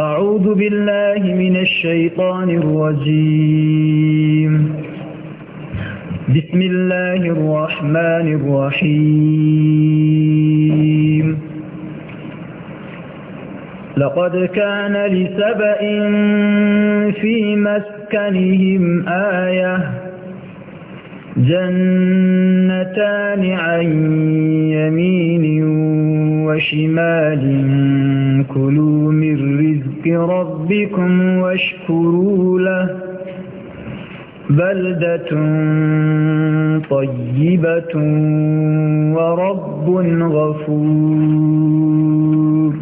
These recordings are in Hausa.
أعوذ بالله من الشيطان الرجيم بسم الله الرحمن الرحيم لقد كان لسبأ في مسكنهم آية جنتان عن يمين وشمال كلوا من رزق بملك ربكم واشكروا له بلدة طيبة ورب غفور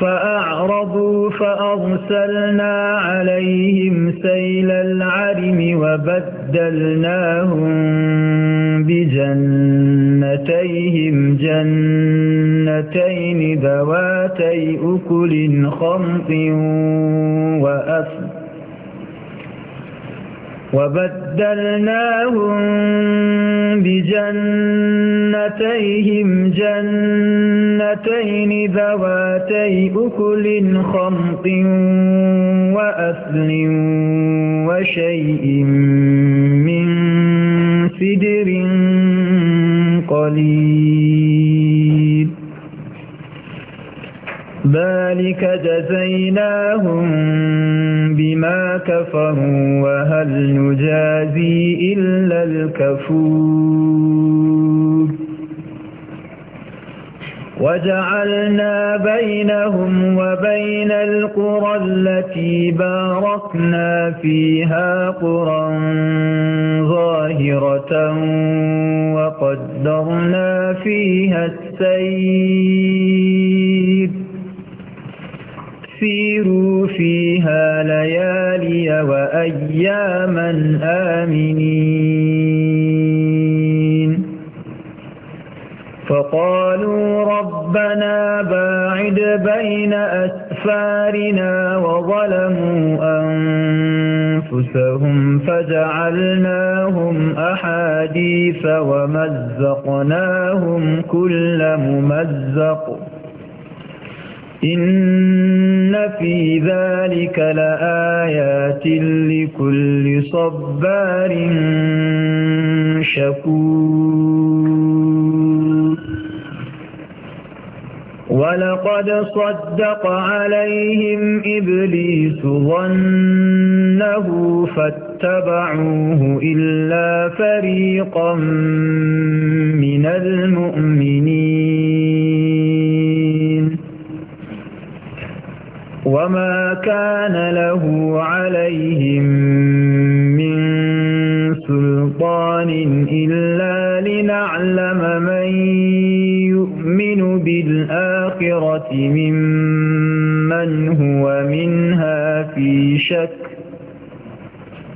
فأعرضوا فأرسلنا عليهم سيل العرم وبدلناهم بجنتيهم جنتين ذواتي أكل خمط وأفل وبدلناهم بجنتيهم جنتين ذواتي أكل خمط وأثل وشيء من سدر قليل ذلك جزيناهم بما كفروا وهل نجازي إلا الكفور وجعلنا بينهم وبين القرى التي باركنا فيها قرى ظاهرة وقدرنا فيها السير سيروا فيها ليالي وأياما آمنين فقالوا ربنا باعد بين أسفارنا وظلموا أنفسهم فجعلناهم أحاديث ومزقناهم كل ممزق إن في ذلك لآيات لكل صبار شكور ولقد صدق عليهم إبليس ظنه فاتبعوه إلا فريقا من المؤمنين وما كان له عليهم من سلطان إلا لنعلم من يؤمن بالآخرة ممن هو منها في شك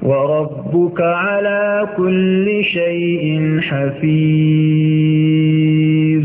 وربك على كل شيء حفيظ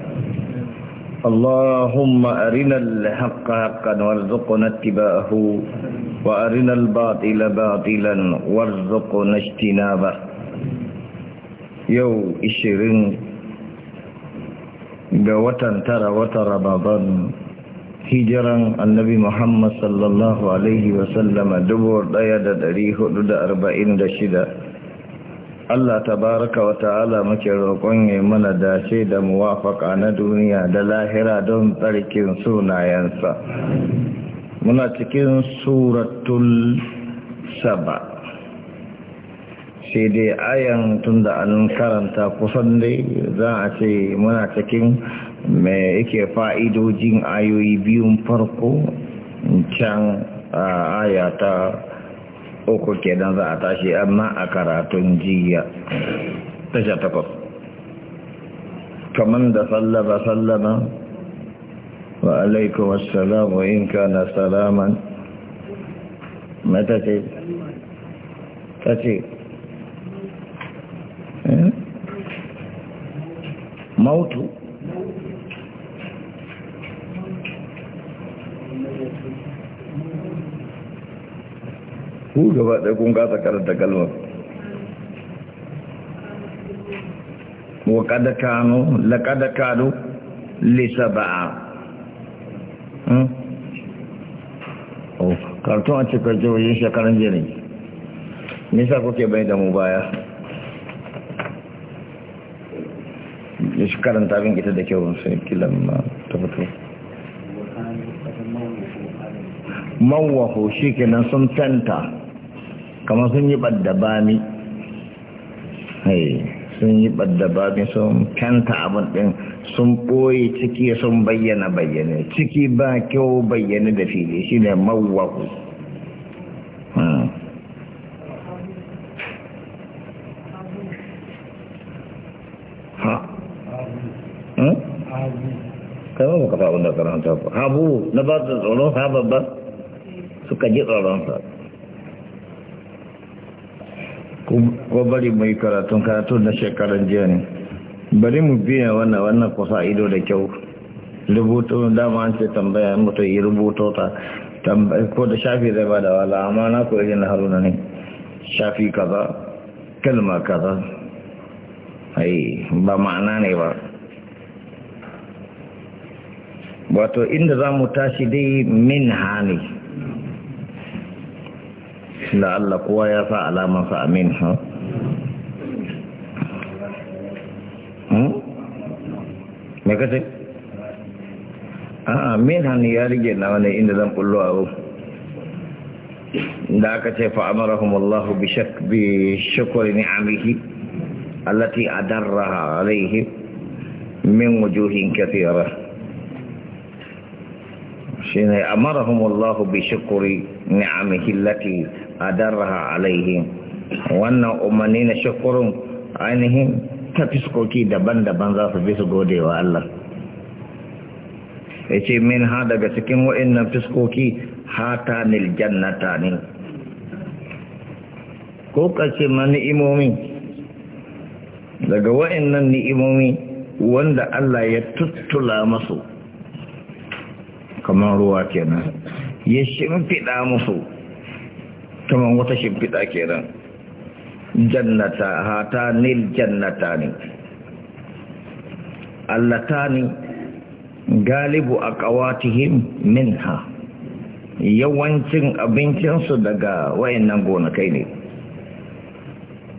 Allahumma arinal haqqa haqqan warzuqna tibahu wa arinal batila batilan warzuqna istinaba yau ishirin ga watan tara wata rababan hijiran annabi muhammad sallallahu alaihi wasallama dubu ɗaya da ɗari hudu da arba'in da shida Allah tabaraka wa ta'ala muke roƙon ya mana dace da muwafaka na duniya da lahira don tsarkin sunayensa. Muna cikin suratul saba. Sai dai ayan tun da an karanta kusan dai za a ce muna cikin mai yake fa'idojin ayoyi biyun farko can a ta uku kenan za a tashi amma a karatun jiya tasha takwas kaman da sallaba sallama wa alaikun wasu in kana salaman mata ta ce eh? mautu ku gaba ɗaya kun kasa karanta kalmar wakada kano lakada kano lisa ba'a hmm? oh, karton a cikin jihohin shekarun jini nisa kuke bai da mu baya ya shi karanta bin ita da kyau sai kilan ma ta fito mawaho shi kenan sun tanta kamar sun yi ɓaddabami sun yi sun kanta abin ɗin sun ɓoye ciki sun bayyana bayyane ciki ba kyau bayyane da fili shi ne mawaku hmm. hmm? da karanta ku habu na ba su tsoron ha suka ji tsoron ko bari mai karatun karatun na shekaran jiya ne bari mu biya wannan wannan kusa ido da kyau rubutun dama an ce tambaya mutum yi rubuto ta ko da shafi zai ba da wala amma na ko irin haruna ne shafi kaza kalma kaza ai ba ma'ana ne ba wato inda za mu tashi dai min ne. da Allah kowa ya sa alamansa amin ha me kace a min hannu ya rige na wani inda zan kullo abu da aka ce fa'amarahum Allah bi shak bi shukri ni'amihi allati adarraha alayhi min wujuhin kathira shine amarahum Allah bi shukri ni'amihi allati adarraha alaihim wannan umarni na shakurun ainihin ta fiskoki daban-daban za su fi su gode wa Allah ya ce min ha daga cikin wa'innan fiskoki hata nil jannata ne ko kace ma ni'imomi daga wa'innan ni'imomi wanda Allah ya tuttula masu kamar ruwa kenan ya shimfiɗa musu kaman wata shimfiɗa kenan jannata hata nil jannata ne allatani galibu a ƙawatihim minha yawancin abincinsu daga wayannan gonakai ne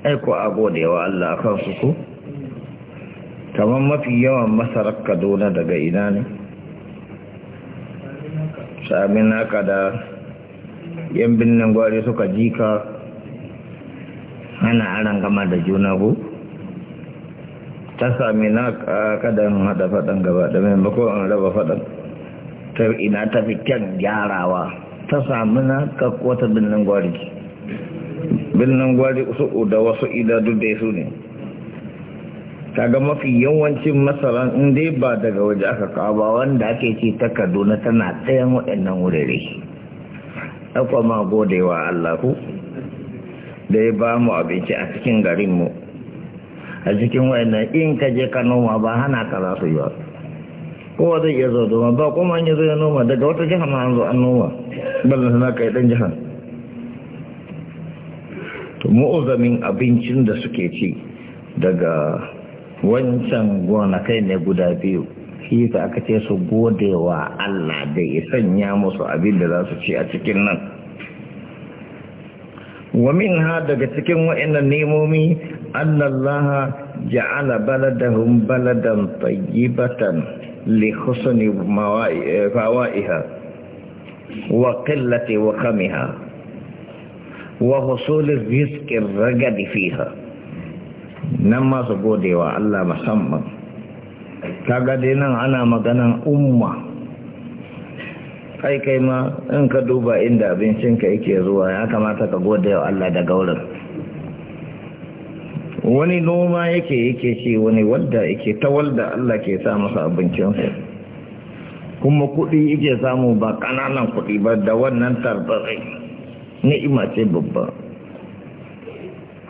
aiko a godewa Allah kansu su ku kamar mafi yawan masarar kaduna daga ina ne sami naka da yan binnin gwari suka jika ana aran gama da juna ku ta sami na kadan hada fadan gaba da bako an raba fadan ta ina ta fi kyan gyarawa ta sami na kakwata binnin gwari binnin gwari su da wasu idadu da su ne kaga mafi yawancin masaran in dai ba daga waje aka kawo ba wanda ake ce ta kaduna tana tsayan waɗannan wurare ɗauka ma gode Allah ku da ya ba mu abinci a cikin garinmu a cikin wayannan in ka je ka noma ba hana ka za su yi ba kowa zai iya zo domin ba kuma an yi zo ya noma daga wata jihar ma an zo an noma ballan na kai dan jihar to mu'uzamin abincin da suke ci daga wancan gonakai ne guda biyu kifa aka ce su godewa Allah da ya sanya musu abin da za su ci a cikin nan wamin ha daga cikin wa'annan nemomi Allah ja'ala baladahum baladan tayyibatan li husni fawaiha wa qillati wa khamiha wa husul rizqi ragadi fiha nan masu godewa Allah musamman kaga dai nan ana maganan umma kai kai ma in ka duba inda abincin ka yake zuwa ya kamata ka gode wa Allah da gaurin wani noma yake yake ce wani wadda yake ta walda Allah ke sa masa abincinsa kuma kuɗi yake samu ba ƙananan kuɗi ba da wannan tarbarai, ni'ima ce babba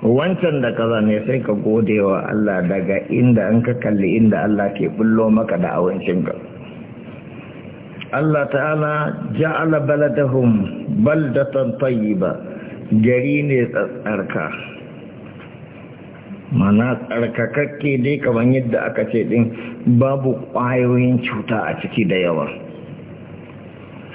wancan da kaza ne sai ka gode wa Allah daga inda an ka kalli inda Allah ke bullo maka da awancin ka Allah ta'ala ja'ala baladahum baldatan tayyiba gari ne tsarka mana tsarkakakke dai kamar yadda aka ce din babu ƙwayoyin cuta a ciki da yawa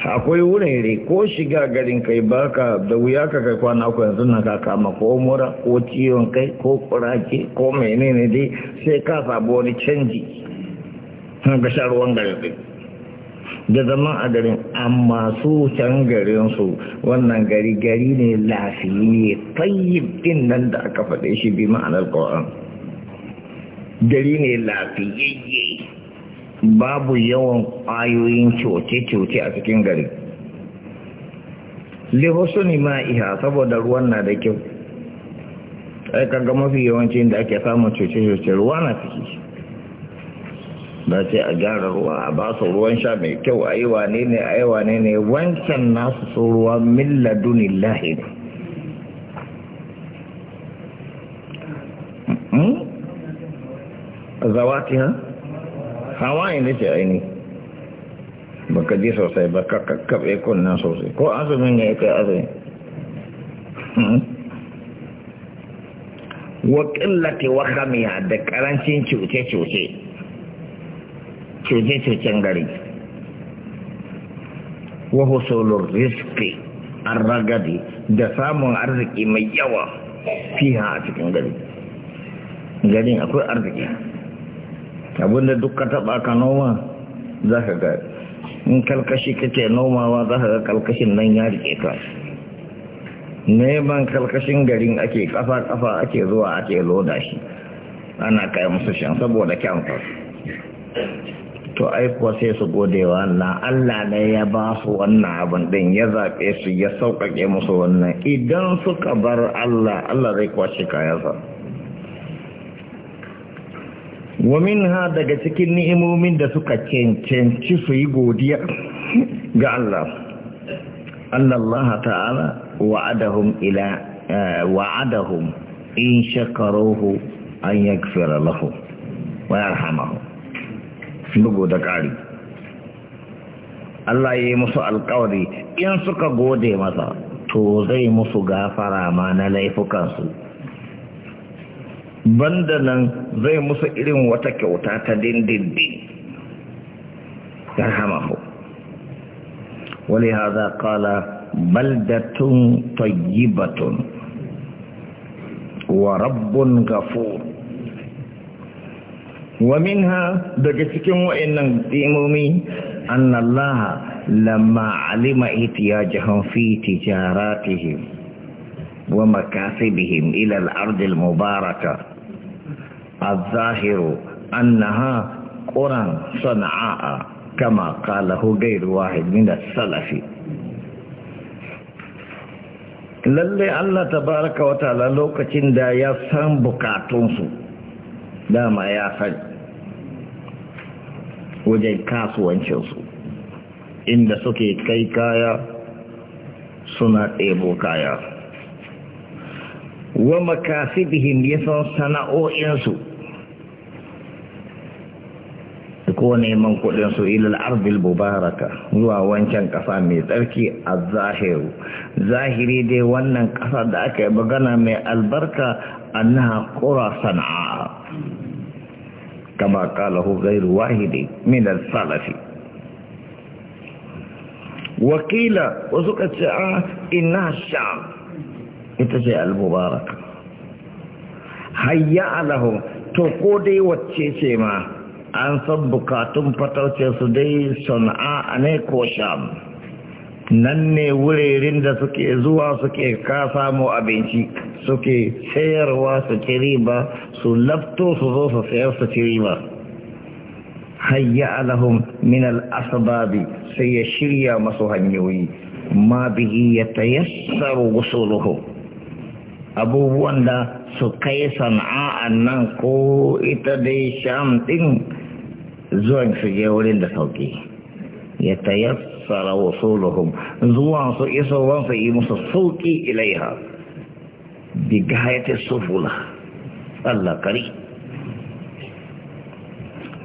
akwai wurin wurare ko shiga garin kai baka da wuya ka kai kwana ku yanzu na ka kama ko mura ko ciwon kai ko kurake ko menene dai sai ka sabu wani canji ga sharuwan da zama a garin amma su can garin su wannan gari gari ne lafiye tayyib din nan da aka faɗe shi bi ma'anar ƙwa'an gari ne lafiyayye babu yawan ƙwayoyin coce-coce a cikin gari lihusuni iya saboda ruwan na da kyau ai ga mafi yawancin da ake samun coce-coce ruwa na ciki ba ce a gyara ruwa a ba su ruwan sha mai kyau a yi wane ne a yi wane ne wancan nasu su ruwa milladun lahi hmm? zawati ha hawaye da ce aini baka ji sosai ba ka kakkaɓe kunnan sosai ko azumin ya yi kai azumi hmm? wa ƙillate wa hamiya da ƙarancin cuce-cuce cuce-cucen gari wa husulun riski an ragadi da samun arziki mai yawa fiha a cikin gari garin akwai arziki abinda duk ka taɓa ka noma za ka ga in kalkashi kake nomawa za ka ga kalkashin nan ya rike ka neman kalkashin garin ake kafa-kafa ake zuwa ake loda shi ana kai musu shan saboda kyanfa to aikuwa sai su gode wa Allah Allah ne ya ba su wannan abin din ya zaɓe su ya sauƙaƙe musu wannan idan suka bar Allah Allah zai kwashe kayansa waminha daga cikin ni'imomin da suka cancanci su yi godiya ga Allah Allah ta'ala wa'adahum eh, in shakaruhu an yaghfira lahum wa yarhamahum bugu da ƙari Allah ya yi musu alƙawari in suka gode masa to zai musu gafara ma na laifukansu banda nan zai musu irin wata kyauta ta dindindin ya hamahu wani haza kala baldatun tayyibatun wa rabbun gafur wa minha daga cikin wa'annan dimomi annallaha lamma alima ihtiyajahum fi tijaratihim ومكاسبهم ilal الأرض mubaraka. الظاهر أنها قرى صنعاء كما قاله غير واحد من salafi. lalle Allah baraka wa ta'ala lokacin da ya san bukatunsu dama ya san wajen kasuwancinsu inda suke kai kaya suna ɗebo kaya wa makasibihim ya san sana'o'insu ko neman kuɗin su ilal ardil mubaraka zuwa wancan ƙasa mai tsarki a zahiru zahiri dai wannan ƙasa da aka yi magana mai albarka annaha kura sana'a kama qalahu ghairu wahidi min salafi wakila wasu ka ce a ah, ina sham ita ce al hayya alahu to ko dai wacce ce ma an san bukatun su dai sana'a ne ko sham nan ne wurerin da suke zuwa suke ka samu abinci suke sayarwa su ci riba su lafto su zo su sayar su ci riba hayya alahum min al-asbabi sai ya shirya masu hanyoyi ma bihi ya tayassaru wusuluhu abubuwan da su kai sana'a nan ko ita dai sham din zuwan su wurin da sauki ya tayassara wasuluhum zuwan su isowan su yi musu sauki ilaiha bi gayyata sufula kari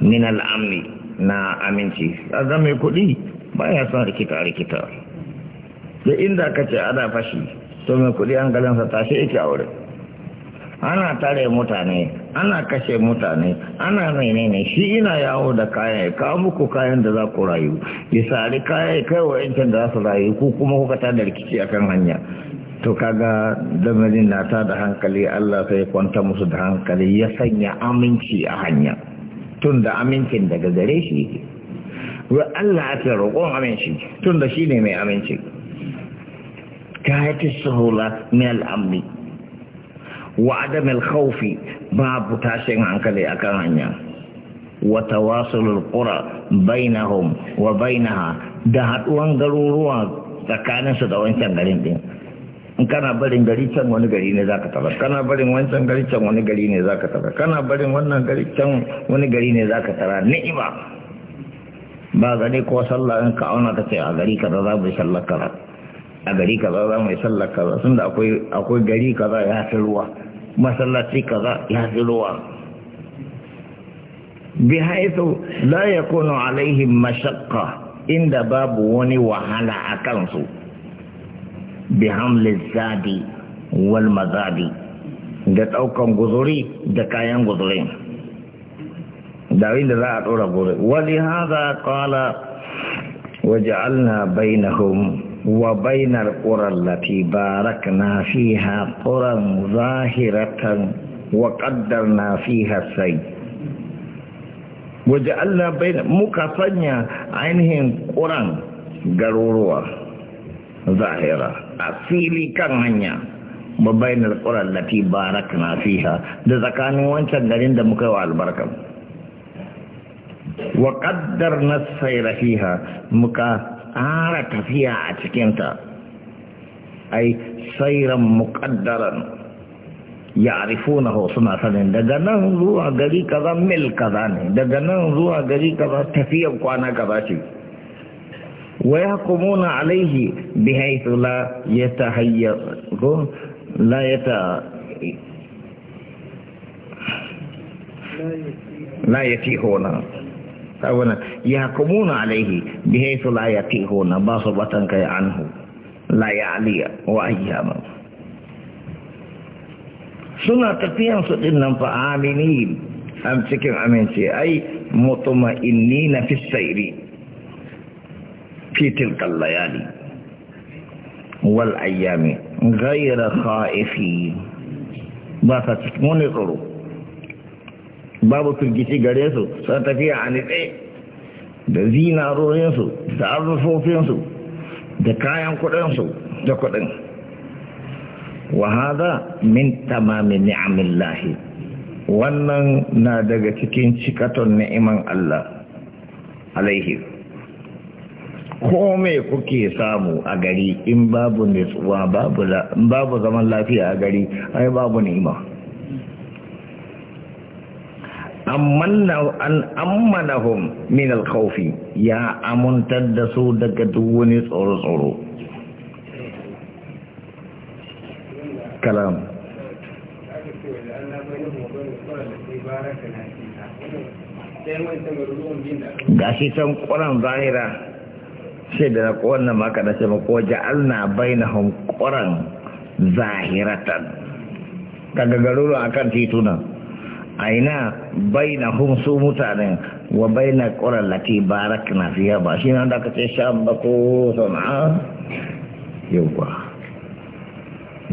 min al'amni na aminci a zama kuɗi ba ya son rikita-rikita da inda ka ce ana fashi to mai kuɗi an galinsa tashi yake a wurin ana tare mutane ana kashe mutane ana menene shi ina yawo da kaya ya kawo muku kayan da za ku rayu ya sari kaya ya kai wa yancin da za su rayu ko kuma kuka ta da rikici a kan hanya to kaga lamarin na ta da hankali allah sai kwanta musu da hankali ya sanya aminci a hanya tun da amincin daga gare shi yake wa allah ake roƙon aminci tun da shi ne mai aminci ta sahula mai al'amri wa adamil khawfi babu tashin hankali akan hanya wa tawasulul qura bainahum wa bainaha da haduwan garuruwa tsakanin su da wancan garin din in kana barin gari can wani gari ne zaka tabar kana barin wancan gari can wani gari ne zaka tabar kana barin wannan gari can wani gari ne zaka tara ni'ima ba gani ko sallah in ka auna ka ce a gari kaza za mu yi sallar kaza a gari kaza za mu yi sallar kaza sun da akwai gari kaza ya fi ruwa masallaci kaza ya fi ruwa bi haitu la yakunu alaihim mashaqqa inda babu wani wahala a kansu bi hamlin zadi wal mazadi da daukan guzuri da kayan guzuri da da za a ɗora guzuri wali haza kala waje'alna bainahum wa bainar ƙuran lati barak na fiha ƙuran zahiratan wa ƙaddar na fiha sai waje Allah bainar muka sanya ainihin ƙuran garuruwa zahira a fili kan hanya wa bainar ƙuran lati barak na fiha da tsakanin wancan garin da muka yi wa albarkar wa ƙaddar na saira fiha muka tsara tafiya a cikinta ai sairan muƙaddaran ya na suna sanin daga nan zuwa gari kaza mil kaza ne daga nan zuwa gari kaza tafiyar kwana kaza ce ويحكمون عليه la لا يتهير لا يت لا hona. أولا يحكمون عليه بحيث لا يتيهون باصبة كي عنه لا يعلي وأياما سنة تقيم سنة فآمنين أم تكيم أمين سي أي مطمئنين في السير في تلك الليالي والأيام غير خائفين باصبة كي babu firgici gare su sun tafiya a nitse da zinarorinsu da arzufofinsu da kayan kudinsu da kudin wahada min tamamin ni'amin lahi wannan na daga cikin cikaton ni'iman Allah alaihi kome kuke samu a gari in babu babu zaman lafiya a gari ai babu ni'ima an ammanahum min alkhawfi ya amuntar da su daga duwani tsoro-tsoro kalam shi can ƙuran zahira sai da wannan maka da ce mako ja'alna bainahum ƙuran zahiratan kaga garuruwa akan tituna aina baina hum su mutanen wa baina ƙoran lati barak na fiya ba shi nan da aka ce sham ba ko sana'a yauwa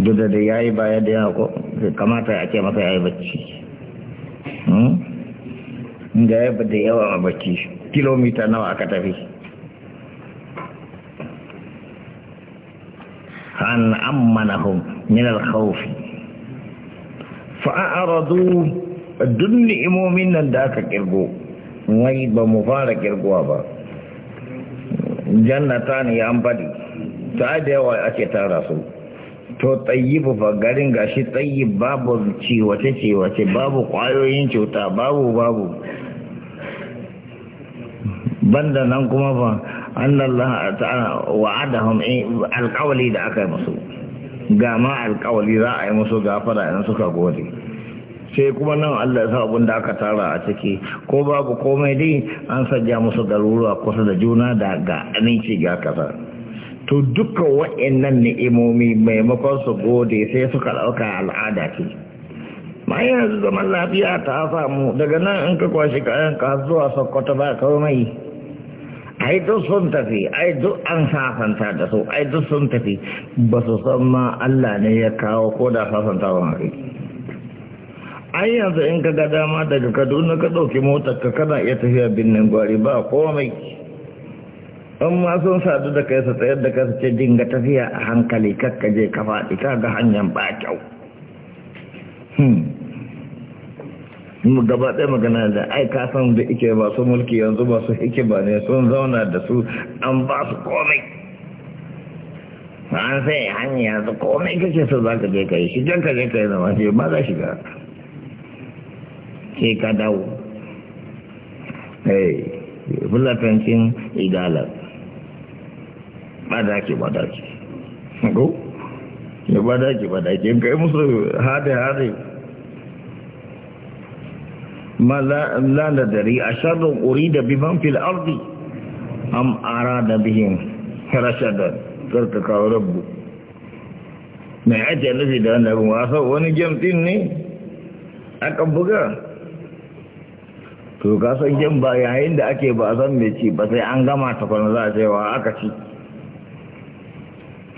duk da da ya yi baya da ko kamata a ce maka ya yi bacci hmm? inda ya yi da yawa a bacci kilomita nawa aka tafi an ammanahum min al-khawfi a'radu duk ni'imomin nan da aka kirgo wai ba mu fara kirgowa ba jannata ne an ambali ta da yawa ake tara su to tsayyibu ba garin gashi tsayi babu ciwace-ciwace babu kwayoyin cuta babu babu banda nan kuma fa annallaha ta'ala wa'adahum eh, alkawali da aka yi musu gama ma za a yi musu gafara idan suka gode sai kuma nan Allah ya sa abin da aka tara a ciki ko babu komai dai an sanya musu garuruwa kusa da juna da ga aminci ga kasa to duka wa'annan ni'imomi maimakon su gode sai suka ɗauka al'ada ce ma yanzu zaman lafiya ta samu daga nan in ka kwashi kayan ka zuwa sokoto ba ka mai ai duk sun tafi ai duk an safanta da su ai duk sun tafi ba su san ma Allah ne ya kawo ko da safantawan hakiki ai yanzu in ka ga dama daga kaduna ka ɗauki motar ka kana iya tafiya birnin gwari ba komai in ma sun sadu da kai su tsayar da kai su ce dinga tafiya a hankali kakka je ka faɗi ka ga hanyar ba kyau hmm. gaba ɗaya magana da ai ka san da ike masu mulki yanzu masu ba ne sun zauna da su an ba su komai an sai hanyar su komai kake so za ka je ka yi shigen ka je ka yi zama ce ba za shiga sai ka dawo eh bulatancin igala badaki badaki ko ya badaki badaki in kai musu hade hade ma la a dari ƙuri da biman fil ardi am arada da rashadan karka kawo rabbu mai ake nufi da wannan wasa wani game din ne aka buga to kasan jin ba yayin da ake ba zan mai ci ba sai an gama ta takwana za a wa aka ci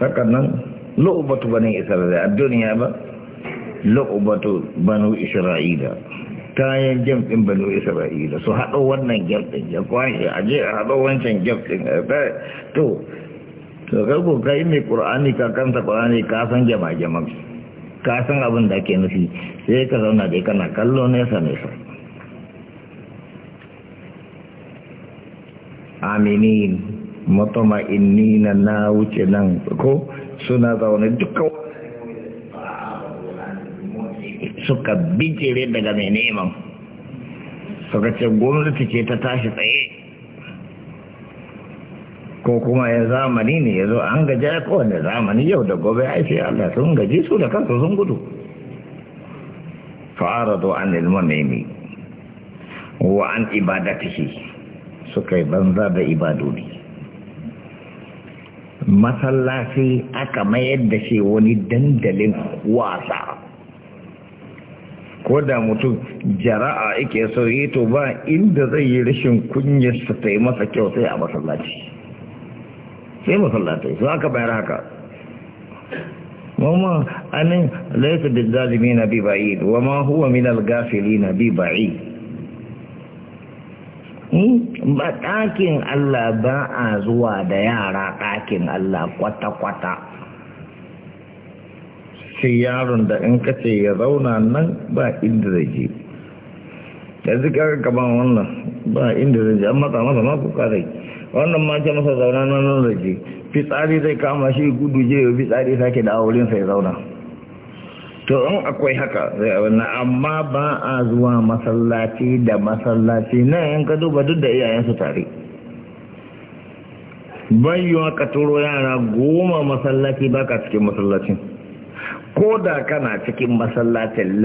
haka nan lo'ubatu bani isra'ila a duniya ba lo'ubatu banu isra'ila kayan jam din banu isra'ila su haɗo wannan jam ya kwashe a je a haɗo wancan jam din to to karko kai mai ƙur'ani ka kanta ƙur'ani ka san jama jama ka san abin da ake nufi sai ka zauna dai kana kallo nesa nesa aminin mutuma'innina na wuce nan ko suna zaune dukkan suka bijire daga mai neman suka ce gwamnati ce ta tashi tsaye ko kuma ya zamani ne ya zo an gaji ya kowane zamani yau da gobe ya ce Allah sun gaji su da kansu sun gudu fa'arado an ilmamini wa an ibadatihi suka yi banza da ibadodi masallaci aka mayar da shi wani dandalin wasa ko da mutum jara'a ike so to ba inda zai yi rashin kunyarsa ta yi masa kyau sai a masallaci sai masallaci su aka bayar haka Mamman anin laifin da zalimi na bi ba'i wa ma huwa min gafili na bi ba'i Hmm? ba ɗakin Allah ba a zuwa da yara ɗakin Allah kwata-kwata sai yaron da in kace ya zauna nan ba inda zai je Da kaga kaman wannan ba inda zai je an matsa masa ma kuka zai wannan ma ce masa zauna nan zai je fitsari zai kama shi gudu je ya fitsari sake da wurin ya zauna to in akwai haka eh, amma ba a zuwa masallaci da masallaci nan in ka duba duk da iyayensu tare bayyuwa ka turo yara goma masallaci ba ka cikin masallacin ko da kana cikin masallacin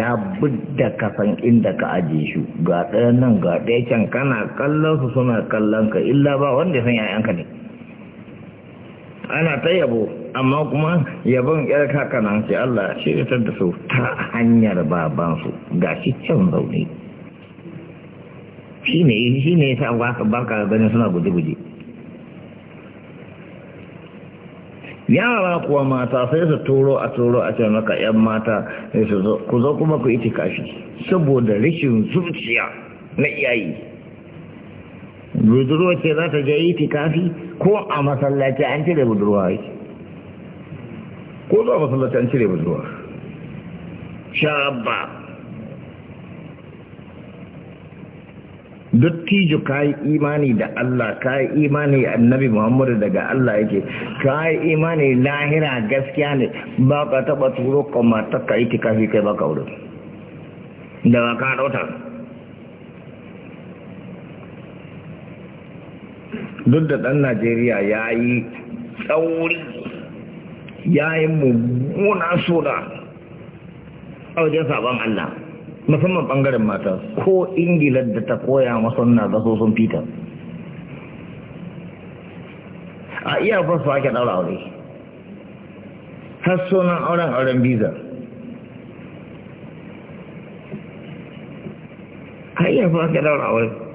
da ka san inda ka ajiye shi ga ɗaya nan ga ɗaya can kana kallon su suna kallon ka illa ba wanda ya san 'ya'yanka ne ana ta yabo amma kuma yabon yar kakanan sai Allah shiritar da su ta hanyar babansu ga shi can zaune shi ne shi ne ya sa baka ganin suna guje-guje yara kuwa mata sai su turo a turo a ce maka 'yan mata sai su zo ku zo kuma ku iti kashi saboda rashin zuciya na iyayi budurwa ce za ta je kafi ko a masallaci an ce da budurwa yake ko zuwa masallaci an cire zuwa shabba dattijo ka yi imani da Allah ka yi imani annabi Muhammadu daga Allah yake ka yi imani lahira gaskiya ne ba ka taba turo ta ka yi tikafi kai baka wuri da ba ka ɗauta. duk da ɗan Najeriya ya yi tsauri ya yi mummuna suna a wajen sabon Allah musamman ɓangaren mata ko Ingila da ta koya masanna na so sun fita a iya fasu ake ɗaura aure har sunan auren auren biza a iya fasu ake ɗaura aure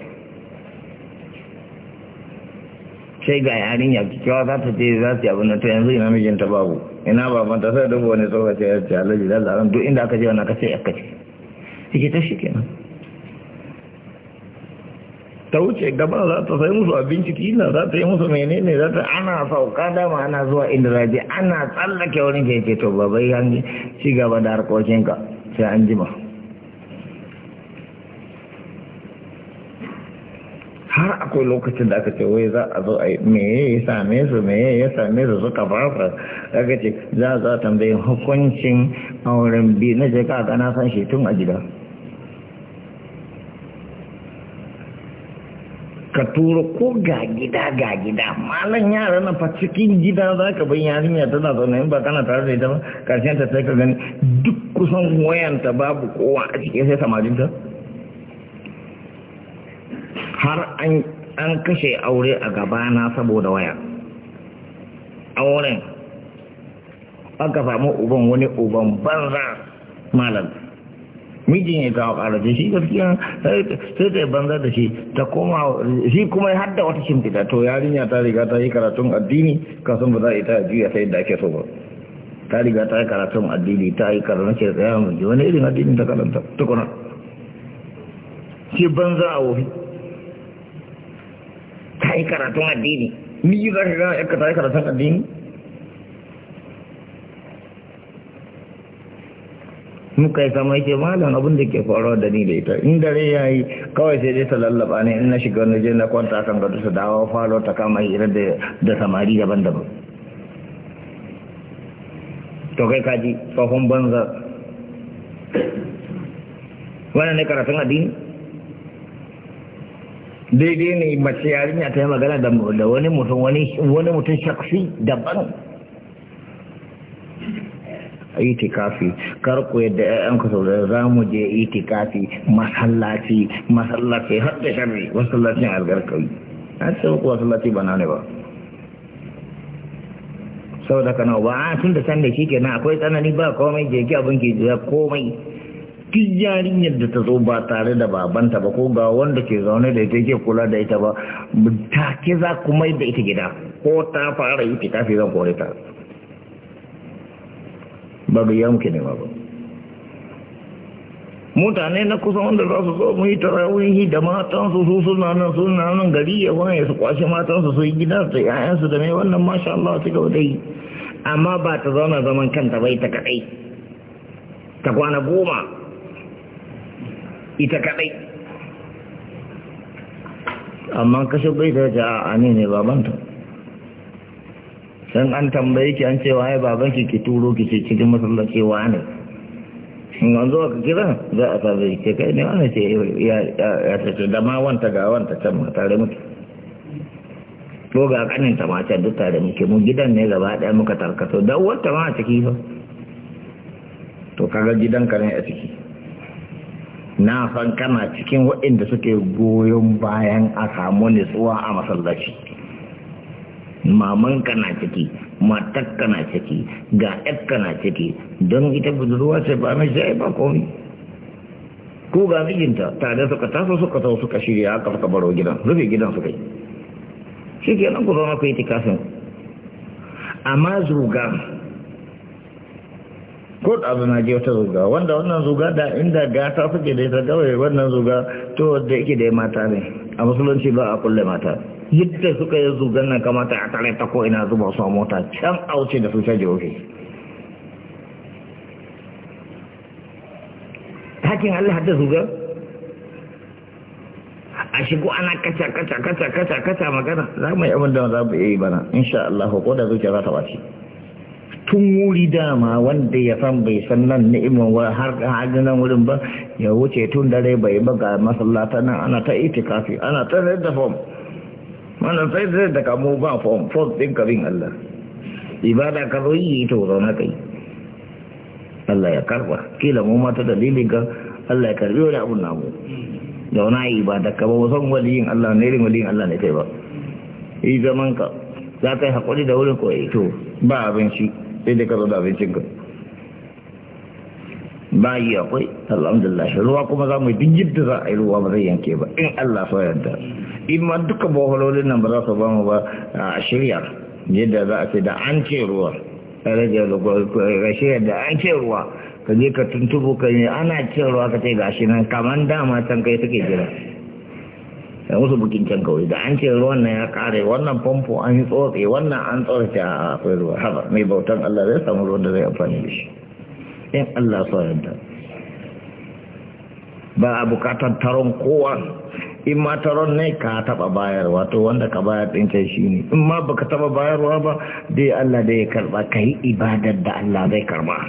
sai ga yarinya kyawa za ta je za su yi na to yanzu ina mijinta babu ina ban ta sai dubu wani tsoka ce yarci alaji da zaran duk inda aka je wani aka ce ya ce yake ta shi kenan ta wuce gaba za ta sai musu abinci kila za ta yi musu menene za ta ana sauka dama ana zuwa inda za ana tsallake wurin ke ce to babai ya ci gaba da harkokinka sai an jima akwai lokacin da aka ce wai za a zo a yi meye ya same su meye ya same su suka farfa daga ce za a za tambayin hukuncin auren bi na jaka ka gana san shi tun a gida ka turo ko ga gida ga gida malan yara na fa cikin gida za ka yari mai tana zaune in ba kana tare da ita ba karshen ta sai ka gani duk kusan wayanta babu kowa a cikin sai ta har an an kashe aure a gabana saboda waya auren aka samu uban wani uban banza malam mijin ya kawo da shi gaskiya sai ta banza da shi ta koma shi kuma ya hadda wata shimfiɗa to yarinya ta riga ta yi karatun addini kasan ba za a yi ta juya ta yadda ake so ba ta riga ta yi karatun addini ta yi karatun ce tsaye wani irin addini ta karanta tukuna shi banza a wofi ta yi karatun addini ni za ka gana yarka ta yi karatun addini muka yi sama yake malam abin da ke faruwa da ni da ita inda rai ya yi kawai sai dai ta lallaba ne in na shiga wani jin na kwanta kan gado su dawo falo ta kama irin da samari daban-daban to kai kaji tsohon banza wannan ne karatun addini daidai ne mace yarinya ta yi magana da wani mutum wani mutum shakfi daban itikafi kar ku yadda ƴaƴan ku saboda za mu je itikafi masallaci masallaci har da shari masallacin algarkawi a ce ku masallaci ba na ne ba saboda kana ba a tun da san da shi kenan akwai tsanani ba komai jirgin ki abin ki komai duk yarinyar da ta zo ba tare da babanta ba ko ga wanda ke zaune da ita ke kula da ita ba take za ku mai da ita gida ko ta fara yi fi zan kore ta ba ga yamke ne ba mutane na kusa wanda za su zo mu yi tarawihi da matansu su suna nan suna nan gari ya ya su kwashe matansu su yi gidan su yayansu da mai wannan masha Allah su gaba dai amma ba ta zauna zaman kanta bai ta kaɗai ta kwana goma ita kaɗai amma kashe bai ta ce a ne ne babanta sun an tambaye ki an cewa ya babanki ki turo ki ce cikin masallaci wa ne in an ka kira za a sabe ke kai ne wani ce ya ta ce da ma wanta ga wanta can ma tare muke ko ga kanin ta mace duk tare muke mu gidan ne gaba daya muka tarkato da wata ma a ciki ba to kaga gidan ka ne a ciki na san kana cikin waɗanda suke goyon bayan a samu nutsuwa a masallaci maman kana ciki matar kana ciki ga ɗan kana ciki don ita budurwa ce ba mai shi ba komi ko ga mijinta tare suka taso suka tau suka shirya aka suka baro gidan rufe gidan suka yi shi nan ku zama ku yi tikafin amma zurga. ko da abu na je wata zuga wanda wannan zuga da inda gata suke da ita gawai wannan zuga to wadda yake da mata ne a musulunci ba a kulle mata yadda suka yi zugan nan kamata a tare ta ko ina zuba su a mota can a wuce da su caji wuce. hakin allah da zuga a shigo ana kaca kaca kaca kaca kaca magana za mu yi abin da za mu iya yi bana insha allah ko da zuciya za ta wace tun wuri dama wanda ya san bai san nan wa har nan wurin ba ya wuce tun dare bai ba ga masallata nan ana ta itikafi ana ta da fom mana sai zai da kamo ba fom fom din kabin Allah ibada ka zo yi ita zauna kai Allah ya karba kila mu mata dalilin ga Allah ya karbi wani abun namu zauna yi ibada ka ba san waliyin Allah ne irin waliyin Allah ne kai ba yi zaman ka za ka yi haƙuri da wurin ko to ba abin shi sai dai ka zo da abincin ka yi akwai alhamdulillah ruwa kuma za mu yi duk yadda za a yi ruwa ba zai yanke ba in Allah so yarda in ma duka bohololin nan ba za su ba mu ba a shirya yadda za a ce da an ce ruwa shirya da an ce ruwa ka je ka tuntubu ka yi ana ce ruwa ka ce gashi nan kamar dama can kai suke jira ya musu bukin can kawai da an ce ruwan nan ya kare wannan famfo an yi tsotse wannan an tsotse a akwai ruwa haka mai bautan Allah zai samu ruwan da zai amfani da shi in Allah so yadda ba a bukatar taron kowa in ma taron ne ka taba bayarwa to wanda ka bayar din kai shi ne in ma baka taba bayarwa ba dai Allah dai ya karba kai ibadar da Allah zai karba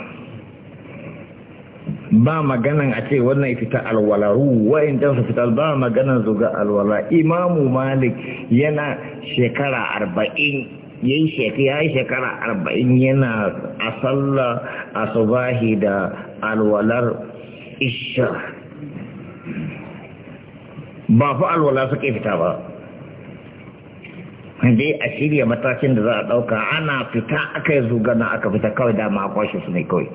ba maganan a ce wannan ya fita alwalaru wayan can su fita ba maganan zuga alwala imamu malik yana shekara arba'in ya yi shekara arba'in yana a sallah a subahi da alwalar isha ba fa alwala suke fita ba dai a shirya matakin da za a ɗauka ana fita aka yi na aka fita kawai dama a kwashe su ne kawai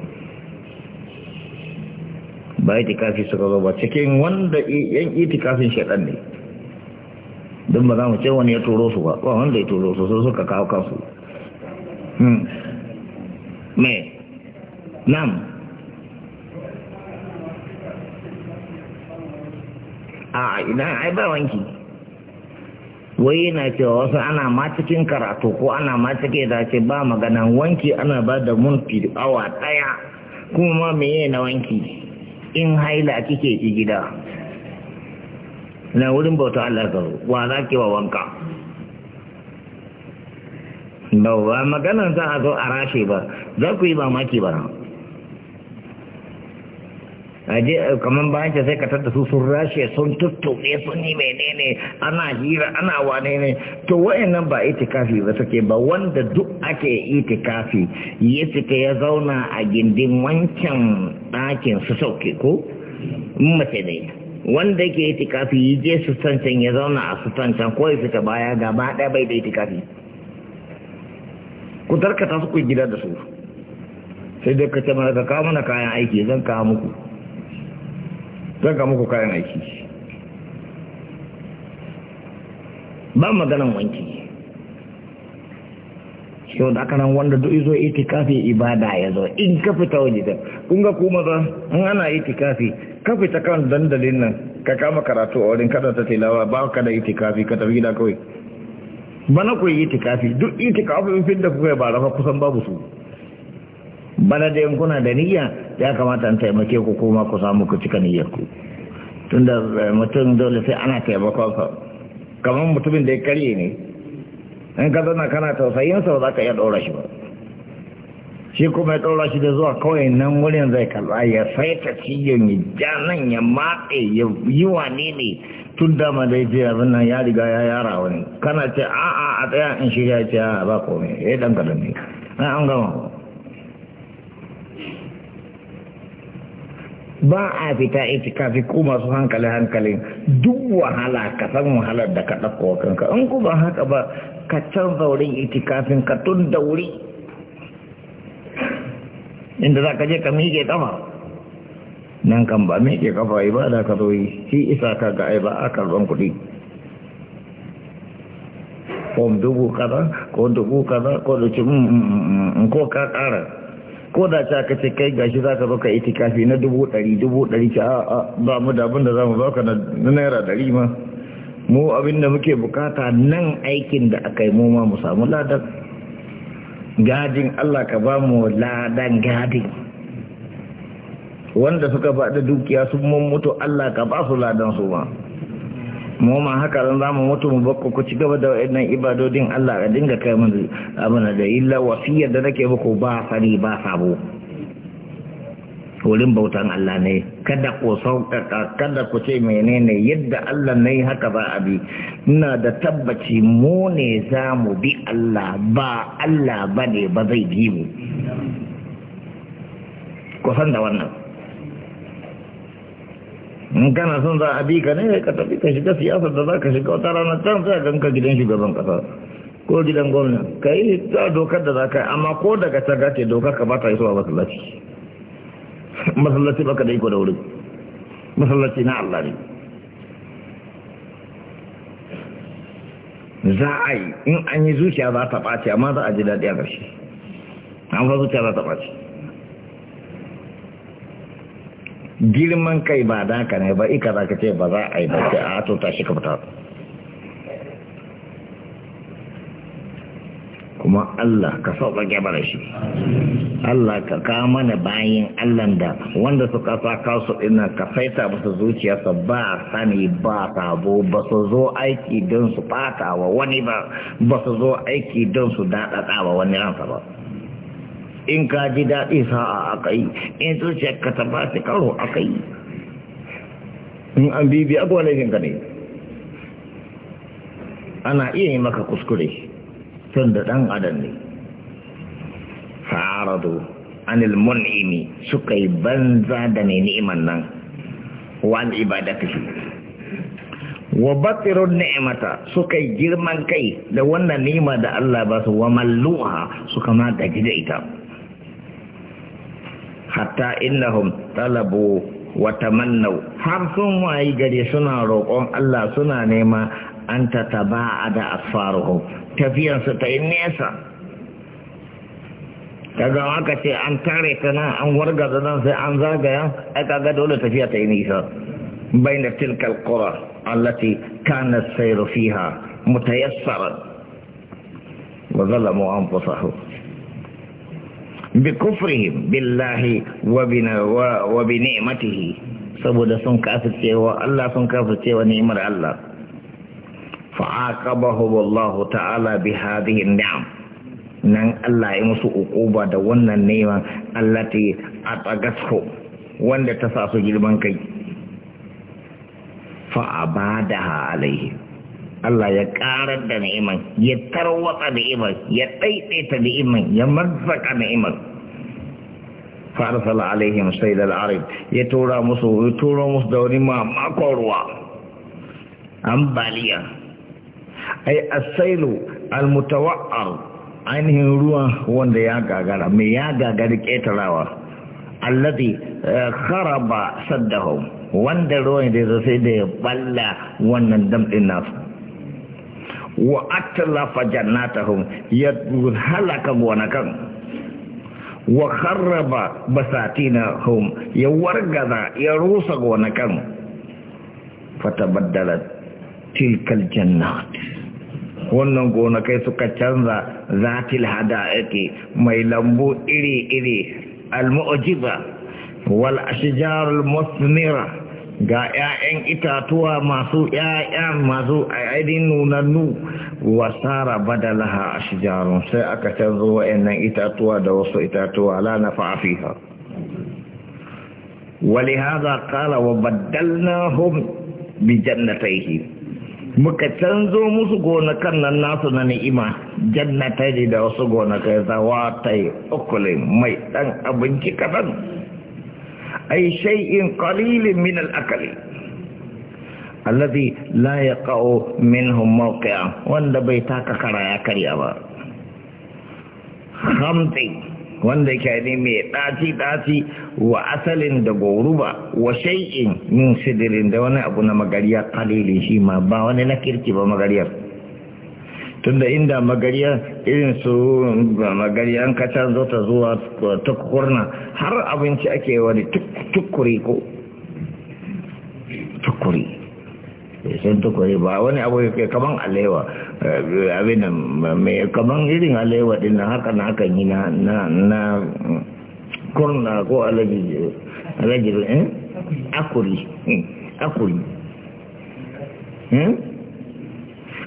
ba itikafi suka zo ba cikin wanda yan itikafin shaɗan ne don ba za mu ce wani ya turo su ba ba wanda ya turo su sun suka kawo kansu hmm. me nan a idan ai ba wanki wai yana cewa wasu ana ma cikin karatu ko ana ma cike da ce ba maganan wanki ana ba da munfi awa ɗaya kuma ma meye na wanki in haila kike ki gida na wurin bauta Allah ka wa za ki wa wanka ba magana za a zo a rashe ba za ku yi mamaki ba aje eh, kaman bayan ce sai ka tada su sun rashe sun tuttuɓe sun yi menene ana hira ana wane ne to wayannan ba itikafi ba take ba wanda duk ake itikafi ya fita ya zauna a gindin wancan ɗakin su sauke ko mace ne wanda ke itikafi yi je su can ya zauna a su can ko ya fita baya gaba ɗaya bai da itikafi ku tarkata su ku gida da su sai dai ka ce mana ka kawo mana kayan aiki zan kawo muku zan ga muku kayan aiki ba maganan wanki yau da aka nan wanda duk izo itikafi ibada ya zo in ka fita waje ta kun ga kuma za in ana itikafi ka fita kan dandalin nan ka kama karatu a wurin kada ta tilawa ba ka da itikafi ka tafi gida kawai bana ku yi itikafi duk in fin da kuka ba rafa kusan babu su bana da yankuna da niyya ya kamata an taimake ku kuma ku samu ku cika niyyar ku tunda eh, mutum dole sai ana taimakon sa kamar mutumin da ya karye ne in ka zana kana tausayin sa ba za ka iya ɗora shi ba shi kuma ya ɗora shi da zuwa kawai nan wurin zai karɓa ya saita ciyon ya ja nan ya matse ya yi wane ne tun da da ya ce abin nan ya riga ya yara wani kana ce a'a a tsaya in shirya ce ba komai ya eh, yi ɗan ne an gama ba a fita itikafi ko masu hankali hankali duk wahala ka san wahalar da ka ɗauko kanka in ku ba haka ba ka canza wurin itikafin ka tun da wuri inda za ka je ka miƙe kafa nan kan ba miƙe kafa ibada ka zo yi shi isa ka ga ai ba a karɓan kuɗi ko dubu kaza ko dubu kaza ko da ci mm, mm, mm, ko ka ƙara ko da ta ka ce kai gashi za ka zo ka itikafi na dubu ɗari dubu ɗari ta a ba mu da abin da za mu ka na naira ɗari ma mu abin da muke bukata nan aikin da aka yi mu ma mu samu ladan gadin Allah ka ba mu ladan gadin wanda suka faɗi dukiya sun mun mutu Allah ka ba su ladan su ma mu ma haka ran zamu mutu mu bakku ku ci gaba da wannan ibadodin Allah ka dinga kai mun abin da illa wasiya da nake muku ba sari ba sabo wurin bautan Allah ne kada ku sauƙaƙa kada ku ce menene yadda Allah ne haka ba abi ina da tabbaci mu ne za bi Allah ba Allah bane ba zai bi mu ku san da wannan in kana son za a bi ka ne ka tafi ka shiga siyasar da za ka shiga wata rana can sai ganka gidan shugaban kasa ko gidan gwamna ka yi ta dokar da za ka yi amma ko daga ta gace dokar ka ba ta yi zuwa masallaci masallaci baka da iko da wuri masallaci na Allah ne za a yi in an yi zuciya za ta ɓace amma za a ji daɗi a ƙarshe an fa zuciya za ta ɓace girman kai ba da ka ne ba ika za ka ce ba za a yi ba ce a ta shi ka fita kuma Allah ka sauka da shi Allah ka kawo mana bayan Allah da wanda suka sa kasu ina ka saita zuciya zuciyarsa ba sani ba sabo ba su zo aiki don su fata wa wani ba ba su zo aiki don su daɗaɗa wa wani ransa ba in ka ji daɗi sa'a aka yi in zuciyar ka ta ba karo aka yi in an bibi abuwa laifin ka ne ana iya yi maka kuskure tun da ɗan adam ne fa'aradu anil mun'imi suka yi banza da mai ni'iman nan wani ibadatu wa batirun ni'mata suka girman kai da wannan ni'ima da Allah ba su wa malluha suka ma gaji da ita hatta innahum talabu wa tamannaw har sun wayi gare suna roƙon Allah suna nema an ta taba da asfaruhu tafiyarsu ta yi nesa kaga aka ce an tare ta nan an wargaza nan sai an zagaya ai kaga dole tafiya ta yi nisa baina tilka alqura allati kana sayru fiha mutayassara wa zalamu anfusahum wa bi ni'matihi saboda sun kafircewa Allah sun kafircewa ni'mar Allah fa'aqabahu wallahu ta'ala bi hadhihi ni'am nan Allah ya musu uquba da wannan niman allati atagasu wanda ta sa su girman kai fa abadaha alaihi Allah ya ƙarar da ni'imar ya tarwata ni'imar ya ɗaiɗaita ni'imar ya mazzaka ni'imar farsala alaihim sai da al'arif ya tura musu ya tura musu da wani mamakon ruwa ambaliya ai asailu almutawa'ar ainihin ruwa wanda ya gagara mai ya gagari ƙetarawa allazi kharaba saddahum wanda ruwan da sai da ya balla wannan damɗin nasu wa jannata jannatahum ya halaka gonakan wa kharraba basatinahum ya wargaza ya rusa gonakan fatabaddalat tilkal jannat wannan gonakai suka canza zatil hada'iki mai lambu iri-iri al-mu'jiza wal ashjarul musmira ga 'ya'yan itatuwa masu 'ya'yan masu ainihin nunannu tsara badalaha a shijarun sai aka canzo wa'annan itatuwa da wasu itatuwa lana fa'afi ha. wali haza kala wa badalna hum bi jannataihi muka canzo musu gonakan nan nasu na ni'ima jannatai da wasu gonakai zawatai ukulin mai ɗan abinci kaɗan ay shay'in qalilin min al-akal alladhi la yaqa'u minhu wanda bai taka karaya ya kariya ba khamti wanda ke ne mai ɗaci-ɗaci wa asalin da goruba wa shay'in min sidrin da wani abu na magariya qalilin shi ma ba wani na kirki ba magariya tunda inda magariya irin su magariyan kacar zo ta zuwa tukurna har abinci ake wani tukuri ko tukuri san tukuri ba wani abu ya kaman alewa eh, abinan mai kaman irin alewa din na haka na haka yi na kurna ko alajirin eh? akuri hmm, akuri hmm?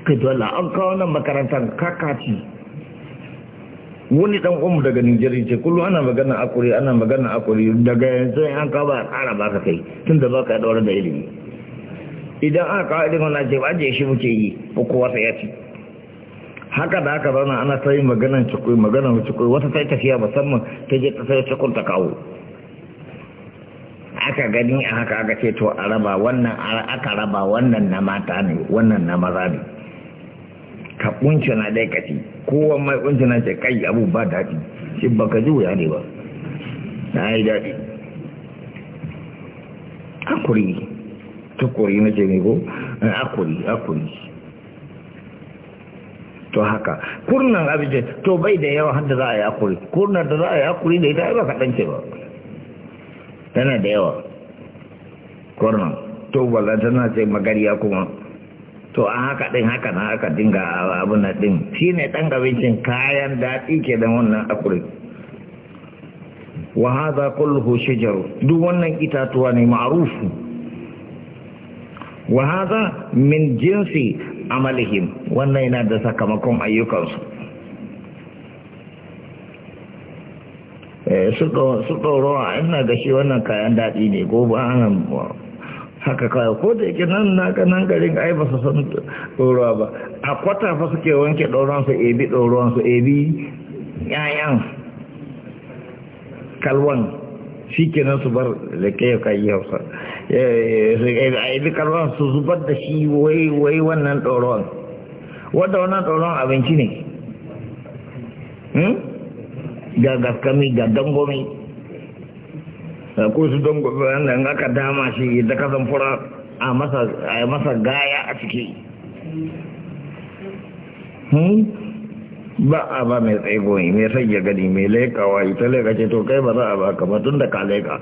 kai dole an kawo nan makarantar kakati wani dan umu daga nigeria ce kullum ana magana akuri ana magana akuri daga yanzu an kawo ba ƙara baka kai tunda baka daura da ilimi idan aka kawo ilimi na ce ba shi muke yi ko kowa sai ya ci haka da aka zauna ana ta yi maganan magana maganan cikoi wata sai tafiya musamman ta je ta sai cikon ta kawo aka gani a haka aka ce to a raba wannan aka raba wannan na mata ne wannan na maza ne ka kuncina dai ka ci kowa mai kuncina ce kai abu ba daɗi shi ba ka ji wuya ne ba na yi daɗi hakuri tukuri na ce ne ko eh, hakuri hakuri to haka kurnan abinci to bai da yawa hadda za a yi hakuri kurnan da za a yi hakuri da ita ba kaɗan ce ba tana da yawa kurnan to balla tana ce magariya kuma to a haka ɗin haka na aka dinga abin na ɗin shi ne ɗan abincin kayan daɗi ke da wannan akwai wa haza kulluhu shajaru duk wannan itatuwa ne ma'rufu wa haza min jinsi amalihim wannan yana da sakamakon ayyukansu eh, su ɗaurawa ina ga shi wannan kayan daɗi ne gobe an haka kawai ko da yake nan na nan garin ai ba su san ɗoruwa ba a kwata fa suke wanke su ebi su ebi yayan kalwan shi kenan su bar da ke ka yi hausa eh, eh, a ebi kalwan su zubar da shi wai wannan ɗoruwan wadda wannan ɗoruwan abinci ne hmm? ga gaskami ga dangomi ko su don gobe wanda in aka dama shi da kasan fura a masa gaya a ciki hmm? ba a ba mai tsaigoni mai sanya gani mai laikawa ita laika ce to kai ba za a ba kamar tun da ka laika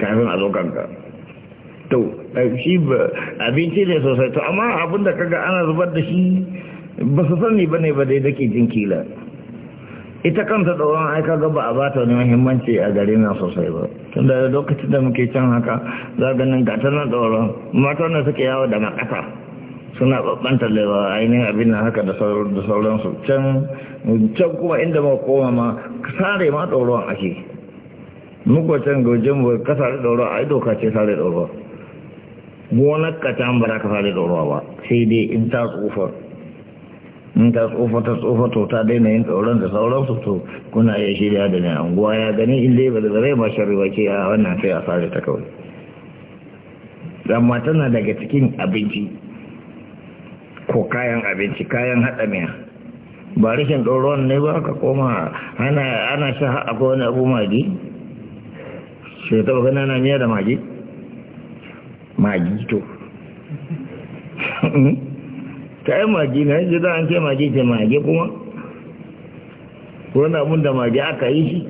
kafin a zo kanka to shi abinci ne sosai to amma abinda da kaga ana zubar da shi ba su sani ba ne ba dai dake jinkila ita kanta tsoron aika gaba a ba ta wani muhimmanci a gare na sosai ba tun da lokacin da muke can haka za ganin gata na tsoron mata wanda suke yawo da makasa suna babbanta lewa ainihin abin na haka da sauransu can can kuma inda ma koma ma sare ma tsoron ake muku can gojin mu ka sare tsoron ai doka ce sare tsoron gonar ka can ba za ka sare tsoron ba sai dai in ta tsofar in ka tsofa ta tsofa to ta daina yin tsoron da su to kuna iya shirya da mai anguwa ya gani in dai ba da zai ba sharriwa ce a wannan sai a fara ta kawai amma tana daga cikin abinci ko kayan abinci kayan haɗa miya ba rashin tsoron ne ba ka koma ana ana sha akwai wani abu magi shi ta bakan na miya da magi magi to hmm? ta yi magi na yanzu za an ce magi ce mage kuma wani abun da magi aka yi shi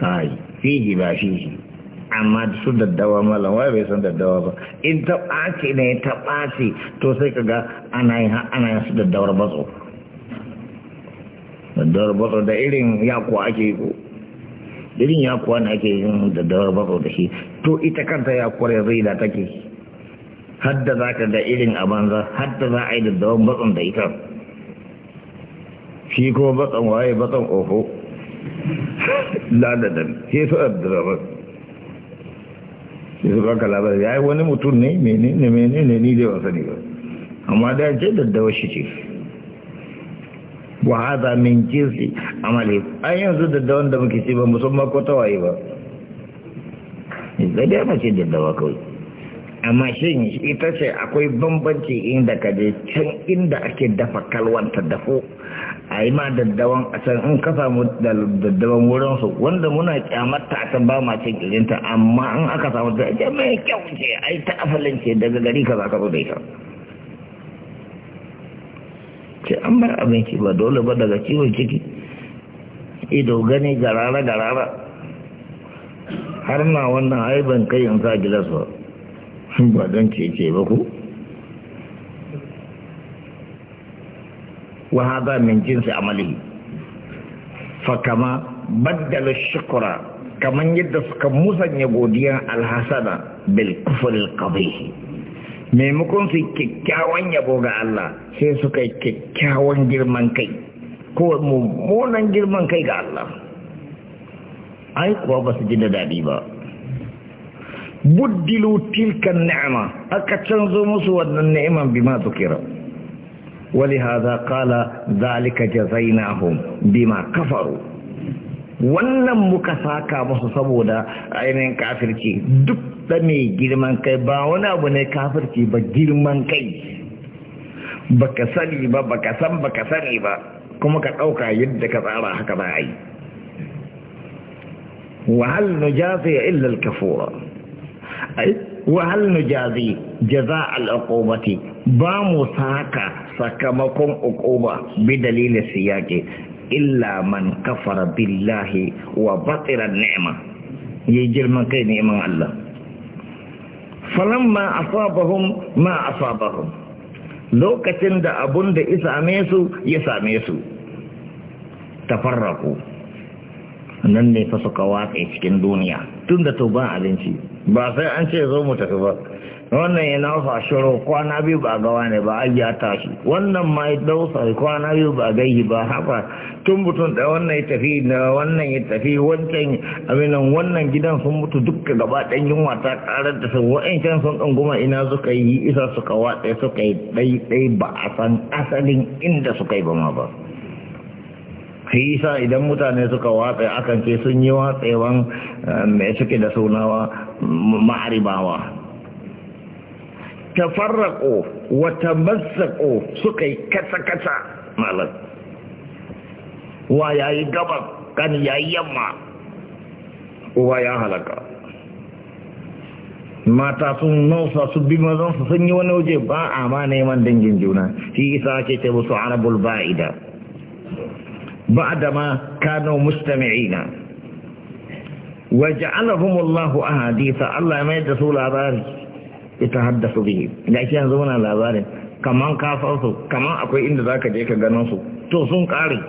sai fiji ba shi shi amma su daddawa malam wai bai san daddawa ba in ta ce ne ta ɓaci to sai ka ga ana yi ana yin su daddawar batso daddawar batso da irin yakuwa ake yi ko irin yakuwa na ake yin daddawar batso da shi to ita kanta yakuwar yanzu ila take hadda za ka ga irin a banza hadda za a yi daddawan batsan da ita shi ko batsan waye batsan oho laladan sai su abdurrahman sai su baka labari ya yi wani mutum ne menene menene ni dai wasa ne ba amma da ce daddawa shi ce wa haza min jinsi amali an yanzu daddawan da muke ci ba musamman ko tawaye ba zai da ya mace daddawa kawai amma shi ita ce akwai bambanci inda ka je can inda ake dafa kalwan ta dafo a yi ma daddawan a can in ka samu daddawan wurinsu wanda muna kyamata a can ba ma cin irinta amma in aka samu ta ce mai kyau ce a yi ta afalin ce daga gari ka za ka zo da ce an bar abinci ba dole ba daga ciwon ciki ido gani garara garara har na wannan ai ban kai in sa gilas ba ba don cece ba ku wa haza min jinsi amali fa kama baddala shukura kaman yadda suka musanya godiyan alhasana bil kufril qabih maimakon su kyakkyawan yabo ga Allah sai suka yi kyakkyawan girman kai ko mummunan girman kai ga Allah ai kuwa ba su ji da daɗi ba buddilu tilkan ni'ma aka canzo musu wannan ni'iman bima zukira ولهذا قال ذلك جزيناهم بما كفروا wannan muka saka musu saboda ainihin kafirci duk da mai girman kai ba wani abu ne kafirci ba girman kai baka sani ba baka san baka sani ba kuma ka ɗauka yadda ka tsara haka ba a yi wahal nujafi illa al-kafura wahal nujazi jaza al'uqubati ba mu saka sakamakon uquba bi dalilin siyaki illa man kafara billahi wa batira ni'ma yi girman kai neman Allah falamma asabahum ma asabahum lokacin da abun da ya same su ya same su tafarraku nan ne fa cikin duniya tunda to ba abinci ba sai an ce zo mu tafi ba wannan ya nausa shiro kwana biyu ba gawa ne ba ta shi wannan ma ya dausa kwana biyu ba gaihi ba haka tun mutum da wannan ya tafi da wannan ya tafi wancan aminan wannan gidan sun mutu duk gaba ɗan yunwa ta ƙarar da sun wa'ancan sun ɗunguma ina suka yi isa suka watsa suka yi ɗai ɗai ba a san asalin inda suka yi ba ma ba. shi idan mutane suka watsa akan ce sun yi watsewan eh, mai suke da sunawa ma'aribawa farraƙo, wata matsaƙo suka yi kasa-kasa malar wa ya yi gabar kan ya yi yamma Wa ya halaka mata sun nausa su bi mazansu sun yi wani waje ba a ma neman dangin juna shi isa ake ce musu arabul ba'ida بعدما كانوا مستمعين وجعلهم الله أحاديث الله ما يدسوا لاباري يتحدث به لكن ينظرون لاباري كمان كافرسوا كمان أقوي إن ذاك جيك جنسوا توسون قاري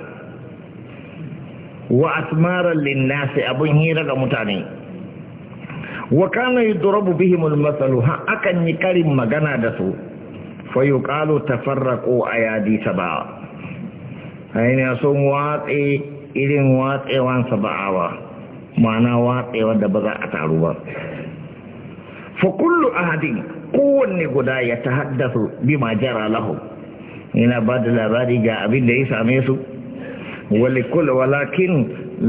وأثمارا للناس أبو هيرا متاني وكان يضرب بهم المثل ها أكن يكرم مغنى دسو فيقال تفرقوا أيادي سبعا ainihin sun watse irin watsewan saba'awa ma'ana watsewa da ba za a taru ba fa kullu ahadin kowanne guda ya ta haddasa bi ma jara lahu yana ba da labari ga abin da ya same su walikul walakin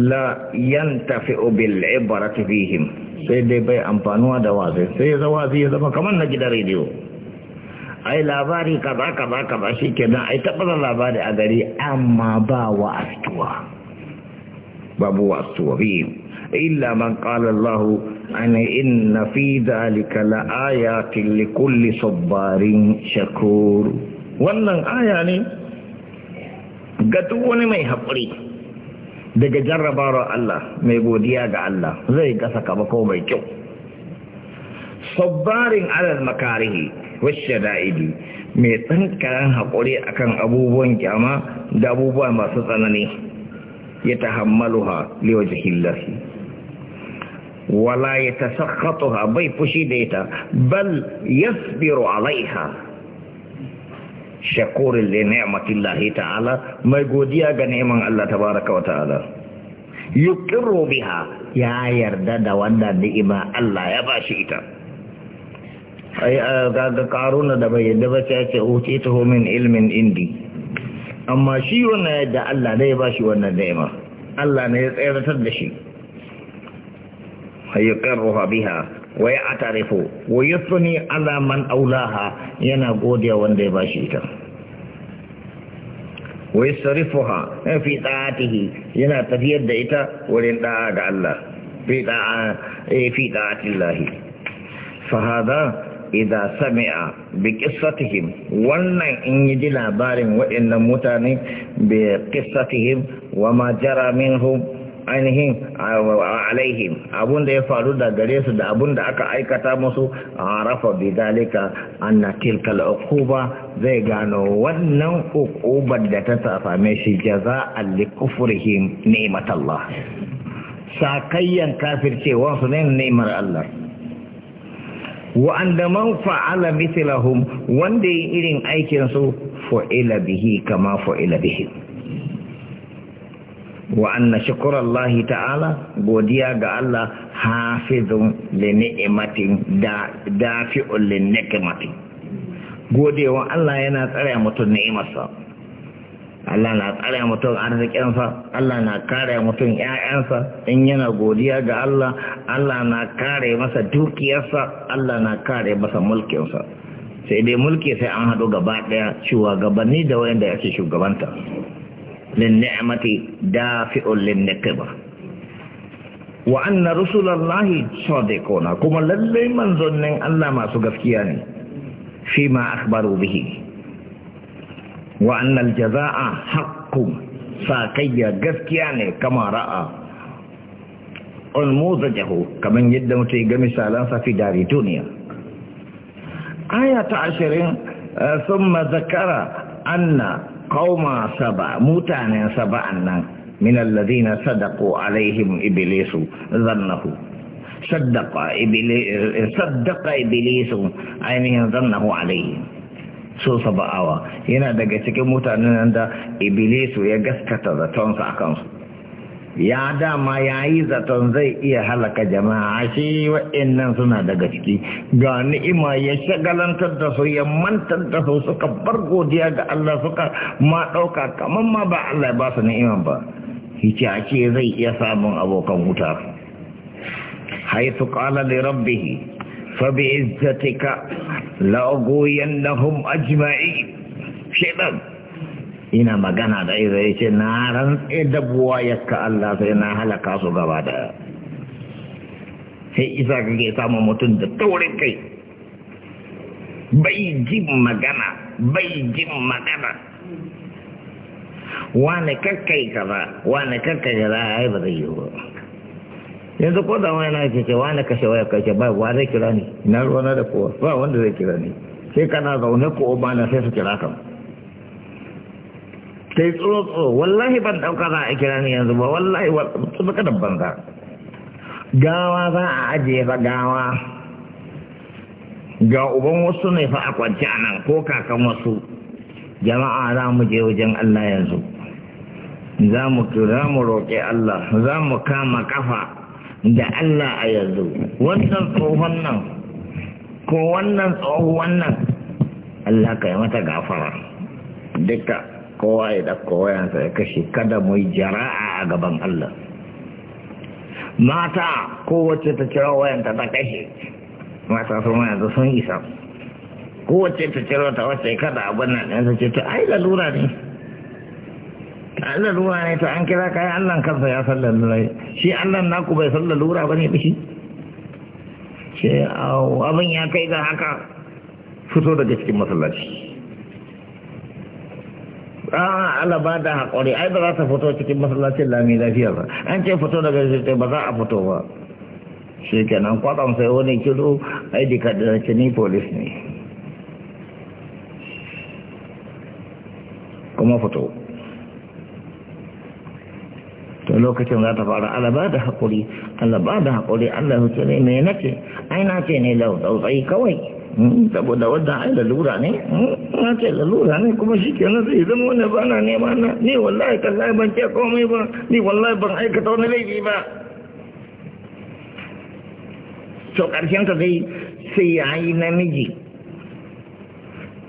la yantafi bil ibarati fihim sai dai bai amfanuwa da wazi sai ya ya zama kamar na gidan rediyo ai labari kaza kaza kaza shi ke nan ai tabbatar labari a gari amma ba wa astuwa babu wa astuwa biyu illa man qala Allah ana inna fi dhalika la ayatin li kulli sabarin shakur wannan aya ne ga duk wani mai haƙuri daga jarrabawar Allah mai godiya ga Allah zai gasa ga ko mai kyau sabbarin alal makarihi والشدائد mai tsankaran haƙuri akan abubuwan kyama da abubuwa masu tsanani ya ta ha, liwaje hillafi wala ya ta sakhatuha bai fushi da ita bal ya yasbiru alaiha shakurin da lahi ta'ala mai godiya ga neman Allah ta baraka wa ta'ala yuqirru biha ya yarda da wanda ni'ima Allah ya ba shi ita ai ga karuna da bai yadda ba sai ce uti ta min ilmin indi amma shi wannan yadda Allah ne ya bashi wannan daima Allah ne ya tsayar da shi ayyukarruha biha wa ya atarifu wa ya ala man aulaha yana godiya wanda ya bashi ita wa yasrifuha fi ta'atihi yana tafiyar da ita wurin da'a ga Allah fi da'a eh, fi da'atillahi fa hada idza sami'a bi qissatihim wannan in yi ji labarin waɗannan mutane bi qissatihim wa ma jara minhum ainihin alaihim abun da ya faru da gare su da abun da aka aikata musu a rafa bi dalika na tilkal uquba zai gano wannan uqubar da ta same shi gaza li kufrihim ni'matallah sakayyan kafircewa su ne ni'mar Allah wa'anda man fa'ala mithlahum wanda yi irin aikin su fa'ila bihi kama fa'ila bihi wa anna shukurallahi ta'ala godiya ga Allah hafizun li ni'matin da dafi'un li ni'matin godewa Allah yana tsare mutum ni'imarsa Allah na ya mutum arzikinsa, Allah na kare mutum ‘ya'yansa in yana godiya ga Allah, Allah na kare masa dukiyarsa, Allah na kare masa mulkinsa. Sai dai mulki sai an haɗu gaba ɗaya shugabanni da wanda yake shugabanta. Lin ni'amati dafi'un lin niqiba. Wa anna rusulallahi sadiquna kuma lallai manzonnin Allah masu gaskiya ne. Fi ma bihi. wa annal jaza'a haqqun sakayya gaskiya ne kama ra'a ulmuzajahu kaman yadda mutai ga misalan sa fi dari duniya aya ta 20 thumma zakara anna qauma saba mutanen saba'an nan min alladhina sadaqu alaihim iblisu zannahu saddaqa iblisu saddaqa iblisu ainihin zannahu alaihim so saba'awa yana daga cikin mutanen da ibilisu ya gaskata zatonsa a kansu ya dama ya yi zaton zai iya halaka jama'a shi wa'annan suna daga ciki ga ni'ima ya shagalantar da su ya mantar da su suka bar godiya ga Allah suka ma ɗauka kamar ma ba Allah ya ba su ni'iman ba a zai iya samun abokan wuta haitu qala li rabbihi فبعزتك لأغوينهم أجمعين شيطان ina magana da iza ya ce na rantse da buwayarka Allah sai na halaka su gaba da sai isa kake samun mutum da taurin kai bai jin magana bai jin magana wane kakkai kaza wane kakkai kaza ai ba zai yi ba yanzu ko da wani yana ce wani kashe waya kashe ba wa zai kira ni na da kowa ba wanda zai kira ni sai kana zaune ko ba na sai su kira kan sai tsoro tsoro wallahi ban dauka za a kira ni yanzu ba wallahi ba ka banza. gawa za a ajiye fa gawa ga uban wasu ne fa a kwanci a nan ko kakan wasu jama'a za mu je wajen Allah yanzu za mu mu roƙe Allah za mu kama kafa da Allah a yanzu wannan tsohon nan ko wannan tsohon wannan, Allah ka yi mata gafara duka kowa ya ɗauka wayansa ya kashe kada mu yi jara'a a gaban Allah mata kowace ta cira wayanta ta kashe mata sun yanzu sun isa kowace ta cira ta wace kada abin nan yanzu ce ta ai lalura ne Allah ruwa ne to an kira kai Allah kansa ya san rai shi Allah naku bai san lura bane shi ce abin ya kai ga haka fito daga cikin masallaci a Allah ba da haƙuri ai ba za ta fito cikin masallacin lami lafiya ba an ce fito daga cikin ba za a fito ba shi kenan kwaɗan sai wani kiro ai dika da ni polis ne kuma fito lokacin za ta fara Allah ba da haƙuri Allah ba da haƙuri Allah ya ce ne me nake ai na ce ne lau tsautsayi kawai hmm, saboda wannan ai lalura ne hmm, na ce lalura ne kuma shi ke nan zai zama wani ba na nema na ni wallahi kallahi ban ce komai ba ni wallahi ban aikata wani laifi ba to ƙarshen ta dai sai ya yi namiji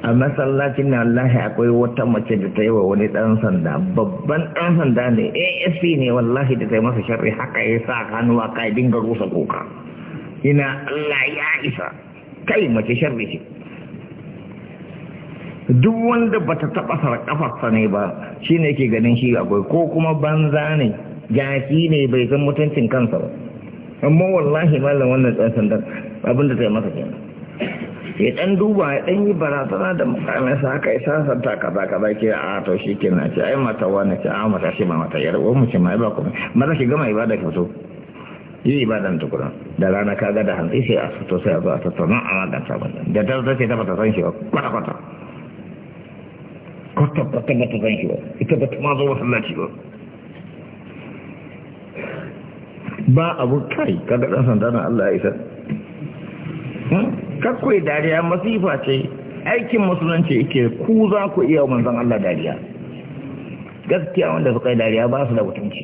a masallacin na wallahi akwai wata mace da ta yi wa wani ɗan sanda babban ɗan sanda ne asp ne wallahi da ta yi masa sharri haka ya sa hannuwa a kai dinga rusa kuka ina allah ya isa kai mace sharri ce duk wanda ba ta taɓa sarƙafarsa ne ba shi ne ke ganin shi akwai ko kuma banza ne jaki ne bai san mutuncin kansa ba amma wallahi malam wannan ɗan sandan abinda ta yi masa kenan ya dan duba ya dan yi barazana da mukaminsa haka ya ta kaza kaza ke a to shi ke na ce ai mata wani ce a ah, mata shi ma mata yar uwan ce mai ba kuma maza ki gama ibada ki so yi ibada ibadan tukuna da rana ka ga da hantsi sai a fito sai a zo a tattauna a maganta ba da ta zo ce ta bata san shi ba kwata kwata kwata kwata bata san shi ba ita ba ta ma zo masallaci ba ba abu kai kaga dan san dana Allah ya isa hmm? kakwai dariya masifa ce aikin musulunci yake ku za ku iya manzan Allah dariya gaskiya wanda suka yi dariya ba su da mutunci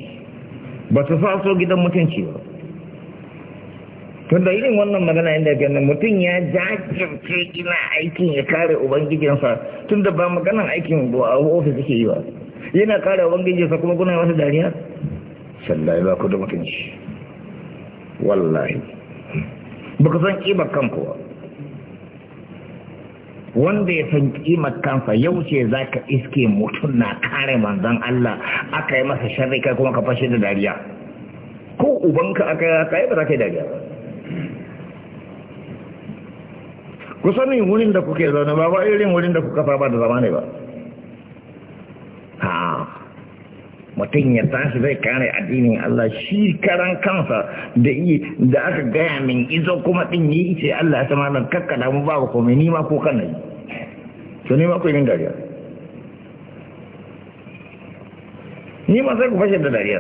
ba su faso gidan mutunci ba tunda irin wannan magana inda ganin mutum ya jajirce ina aikin ya kare ubangijinsa tunda ba maganan aikin a ofis suke yi ba yana kare ubangijinsa kuma kuna wasu dariya sallai ba ku da mutunci wallahi ba ku san ƙibar kanku ba wanda ya san kimar kansa yau ce za ka iske mutum na kare manzan Allah aka yi masa sharri kai kuma ka fashe da dariya ko ubanka aka yi aka yi ba za ka yi dariya ba ku sanin wurin da kuke zaune ba ba irin wurin da kuka ba da zama ne ba mutum ya tashi zai kare addinin Allah shi karan kansa da yi da aka gaya min izo kuma din yi ce Allah ya sama nan kakkada mu babu komai nima ko kan yi to nima ko ku yin dariya Nima sai ku fashe da dariya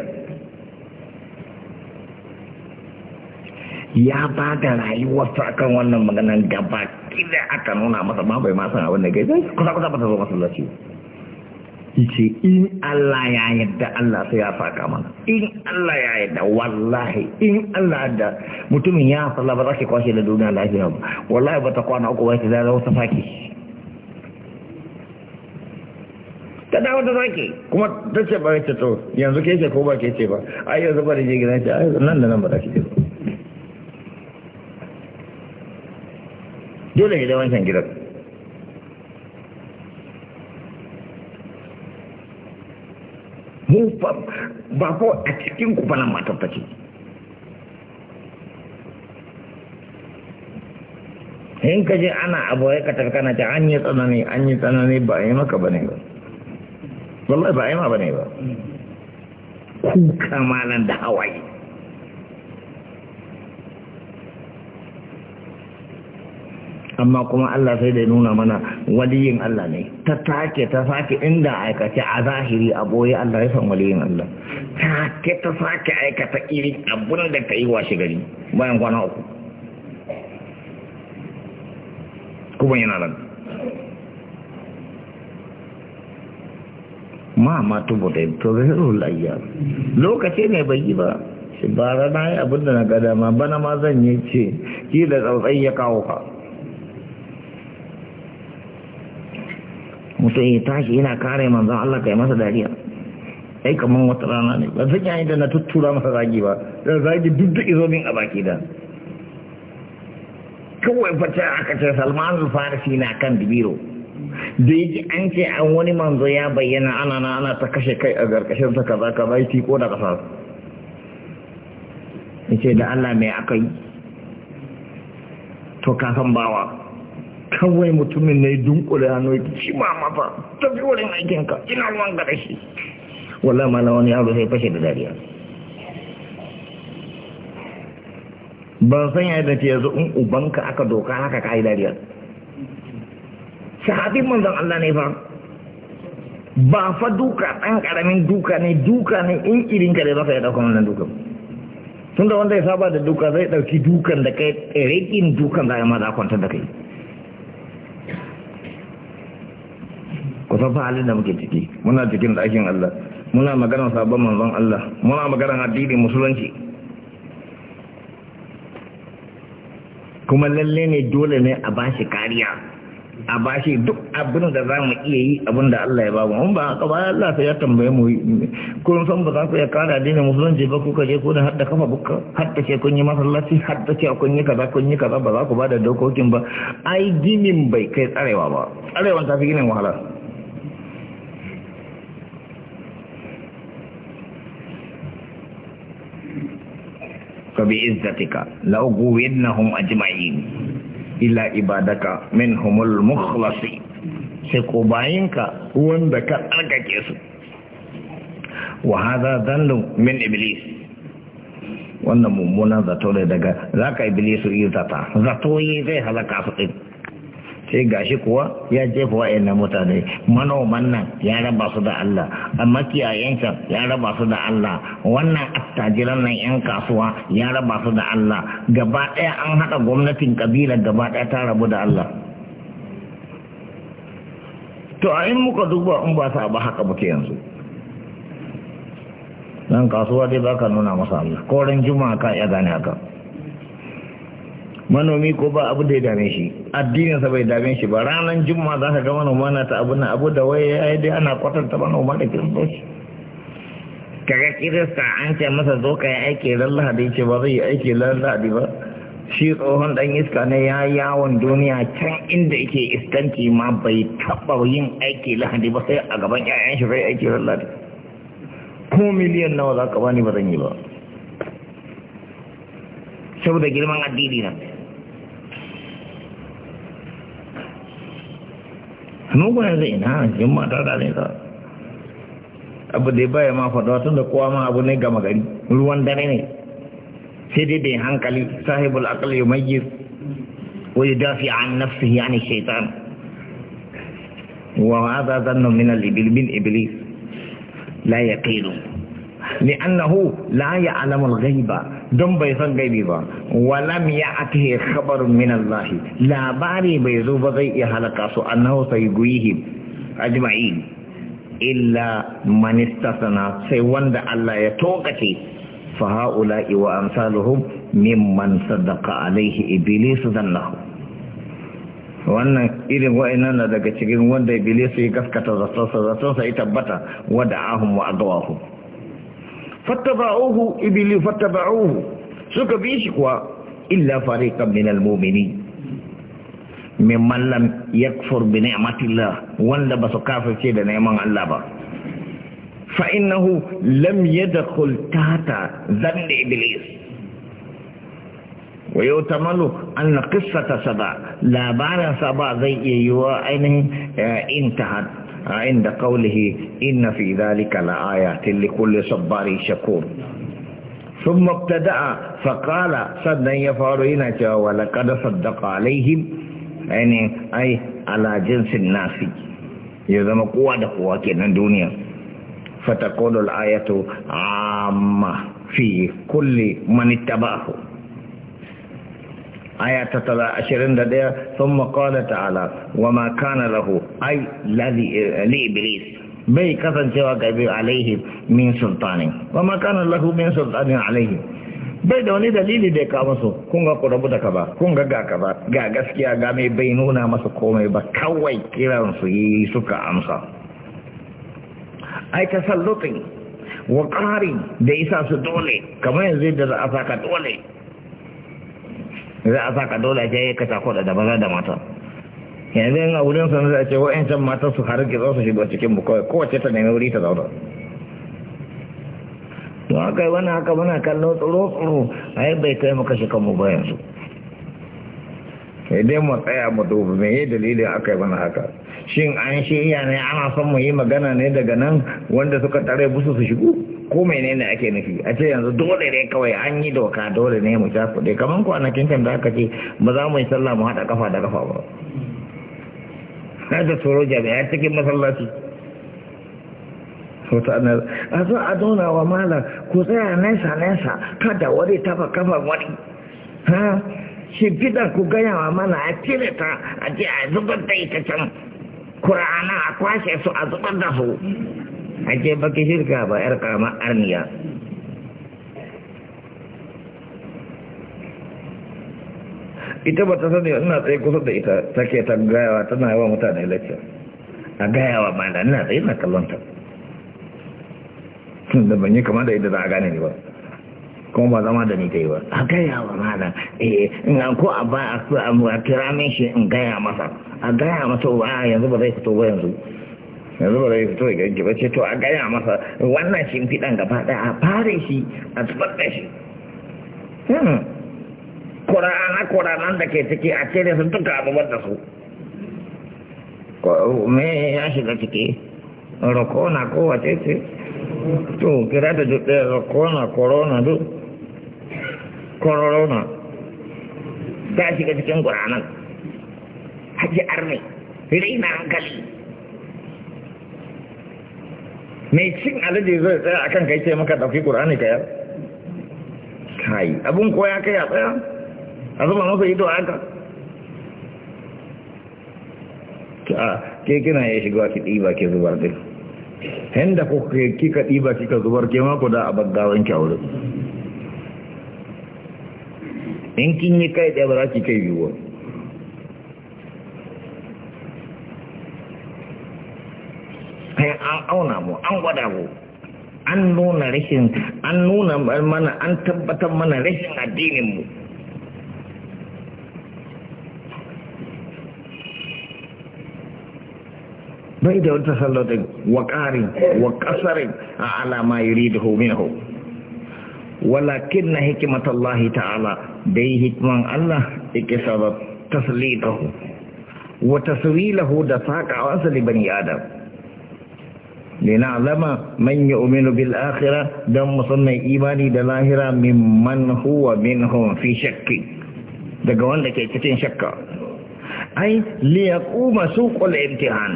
ya ba da ta akan wannan maganan gaba kida aka nuna masa ma bai ma san abin da gaisa kusa kusa ba ta zo masallaci ce in Allah ya yadda Allah sai ya saka mana in Allah ya yadda wallahi in Allah da mutumin ya sallah ba za ki kwashe da duniya lafiya ba wallahi ba ta kwana uku ba ki zai wata saki ta dawo ta sake kuma ta ce ba ta to yanzu ke ce ko ba ke ce ba ai yanzu ba da je gidan ce ai nan da nan ba za ki ce dole ne da wancan gidan Mun ba ko a cikin ku falan matar ta ce in ka je ana abu ya ka kana ta an yi tsanani an yi tsanani ba a yi maka ba ne ba wallahi ba a yi ma ba ne ba ku kamalan da hawaye amma kuma Allah sai da nuna mana waliyin Allah ne ta take ta sake inda aikace a zahiri a boye Allah ya san waliyin Allah take ta sake aikata irin abun da ta yi washe gari bayan kwana uku kuma yana nan ma ma tubu da to zahirul ayyam lokaci ne bai yi ba bara na yi abin da na gada ma bana ma zan yi ce ki da tsautsai ya kawo ka mutum ya tashi yana kare manzan Allah kai masa dariya ai kamar wata rana ne ba zan yayin da na tuttura masa zagi ba da zagi duk da izomin a baki da kawai fata aka ce salman farisi na kan dibiro da yake an ce an wani manzo ya bayyana ana na ana ta kashe kai a garkashin sa kaza kaza yi tiko da ƙasa yace da Allah mai aka yi to san bawa kawai mutumin ne dunkule hannu shi ma mafa tafi wurin aikinka ina ruwan gada shi wallah mala wani yaro sai fashe da dariya ban san ya da yanzu uban ubanka aka doka haka ka yi dariya shahadin manzan Allah ne fa ba fa duka ɗan ƙaramin duka ne duka ne in irin ka da zaka ya ɗauka wannan dukan tunda wanda ya saba da duka zai ɗauki dukan da kai rikin dukan da ya ma za kwantar da kai san halin da muke ciki muna cikin ɗakin Allah muna maganar sabon manzon Allah muna maganar addini musulunci kuma lalle ne dole ne a bashi kariya a bashi duk abin da za mu iya yi abin da Allah ya babu mun ba haka ba Allah sai ya tambaye mu kun san ba za ku ya kara addinin musulunci ba kuka je kuna hadda kafa buka hadda ce kun yi masallaci hadda ce kun yi kaza kun yi kaza ba za ku ba da dokokin ba ai ginin bai kai tsarewa ba tsarewa ta fi ginin wahala fabi izzatika la uguwinnahum ajma'in ila ibadaka minhumul mukhlasi se ko bayin ka wanda ka tsagake su wa hada dhallu min iblis wannan mummunan zato ne daga zaka iblisu yi zata zato zai halaka su din sai gashi kuwa ya jefa wa'annan mutane manoman nan ya raba su da Allah a kiyayensa ya raba su da Allah wannan attajiran nan yan kasuwa ya raba su da Allah gaba ɗaya an haɗa gwamnatin kabila gaba ɗaya ta rabu da Allah to a in muka duba in ba sa ba haka muke yanzu dan kasuwa dai baka nuna masa Allah ran juma'a ka ya gane haka manomi ko ba abu da ya dame shi addinin sa bai dame shi ba ranar juma'a za ka ga manoma ta abu na abu da waye ya dai ana kwatanta manoma da kiristoci kaga kirista an ce masa zo ka yi aiki ran lahadi ce ba zai yi aiki ran lahadi ba shi tsohon dan iska ne ya yawon duniya can inda yake iskanci ma bai taba yin aiki lahadi ba sai a gaban 'ya'yan shi bai aiki ran lahadi ko miliyan nawa za ka bani ba zan yi ba saboda girman addini na nugun zai? Na yin mata da nesa abu da baya ma faɗa tun da kowa ma abu ne gama gari ruwan dare ne sai dai bai hankali sahibul aqal ya mayyiz wa dafi an ya ne shaitan wa ma za min al-ibil bin iblis la yaqilu لأنه لا يعلم الغيب don bai san gaibi ba walam ya ake khabarun min Allah labari bai zo ba zai iya halaka su annahu sayguihim ajma'in illa man istasana sai wanda Allah ya tokace fa haula'i wa amsaluhum mimman sadaqa alaihi iblis dhannahu wannan irin wa'annan na daga cikin wanda iblis ya gaskata zaton sa zaton ya tabbata wada'ahum wa agawahum fattaba'uhu ibili fattaba'uhu suka bi shi kuwa illa fariqan min almu'minin mimman lam yakfur bi ni'matillah wanda basu kafirce da neman Allah ba fa innahu lam yadkhul tahta dhanni iblis wa yutamalu anna qissata saba labaran zai iya yiwa ainihin intahat عند قوله إن في ذلك لآيات لكل صبار شكور ثم ابتدأ فقال صدى يفعلين ولقد صدق عليهم يعني أي على جنس الناس يزم قوة قوة كنا الدنيا فتقول الآية عامة في كل من اتبعه aya ta ashirin da ɗaya sun maƙala ta'ala wa ma kana lahu ai li iblis bai kasancewa ga bi alaihi min sultani wa ma kana lahu min sultani alaihi bai da wani dalili da ya kawo masu kun ga ku rabu da kaza kun ga ga ga gaskiya ga mai bai nuna masa komai ba kawai kiran su yi suka amsa ai tasallutin wa ƙari da isa su dole kamar yanzu da za a saka dole za a saka dole sai ka kwada da maza da mata yanzu yin a wurin sanar da ce can mata su harin gizo su shiga cikin mu kowace ta nemi wuri ta zauna to haka wani haka muna kallo tsoro tsoro a yi bai kai maka shikan mu bayan su idan mu tsaya mu dubu me yi dalilin aka yi wani haka shin an shirya ne ana son mu yi magana ne daga nan wanda suka tare busu su shigo ko menene ake nufi a ce yanzu dole ne kawai an yi doka dole ne mu sha kuɗi kamar kwanakin can da aka ce ba za mu yi sallah mu haɗa kafa da kafa ba kada tsoro jami'a cikin masallaci a zo a dona wa malam ku tsaya nesa nesa kada wani taba kafan wani ha shi shimfiɗar ku gaya wa mana a cire ta a je a zubar da ita can kur'ana a kwashe su a zubar da su ake baki shirka ba yar karama arniya ita ba ta sani ina tsaye kusa da ita take ta gayawa tana yawa mutane lecture a gayawa ba da ina tsaye na kallon ta da ban kama da ita za a gane ne ba kuma ba zama da ni ta yi ba a gaya ma mana eh in an ko a ba a kira min shi in gaya masa a gaya masa ba yanzu ba zai fito ba yanzu yanzu ba zai fito ga gaba ce to a gaya masa wannan shi shimfiɗan gaba ɗaya a fare shi a zubar da shi hmm. kurana kuranan da ke ciki a cire su duka a zubar da su me ya shiga ciki rokona ko wace ce to kira da duk ɗaya rokona korona duk korona ta shiga cikin kuranan haji arni rina hankali mai cin alaji zai tsaya kan kai ce maka ɗauki ƙur'ani ka yar kai abun koya kai a tsaya a zuba masa ido a haka ke kina ya shiga ki ɗiba ke zubar ɗin yadda ku kika ɗiba kika zubar ke mako da a baggawan kyawar in kin yi kai ɗaya ba za ki kai yiwuwa an auna mu an gwada mu an nuna rashin an nuna mana an tabbatar mana rashin addinin mu bai da wata sallatin wa ƙarin wa ƙasarin a alama yuri da hominahu walakin na hikimatar Allah ta'ala da yi hikiman Allah ike sabab taslidahu wa taswilahu da saƙawansa liban adam lina'lama man yu'minu bil akhirah dan musamman imani da lahira mimman huwa minhum fi shakki daga wanda ke cikin shakka ai li yaquma suqul imtihan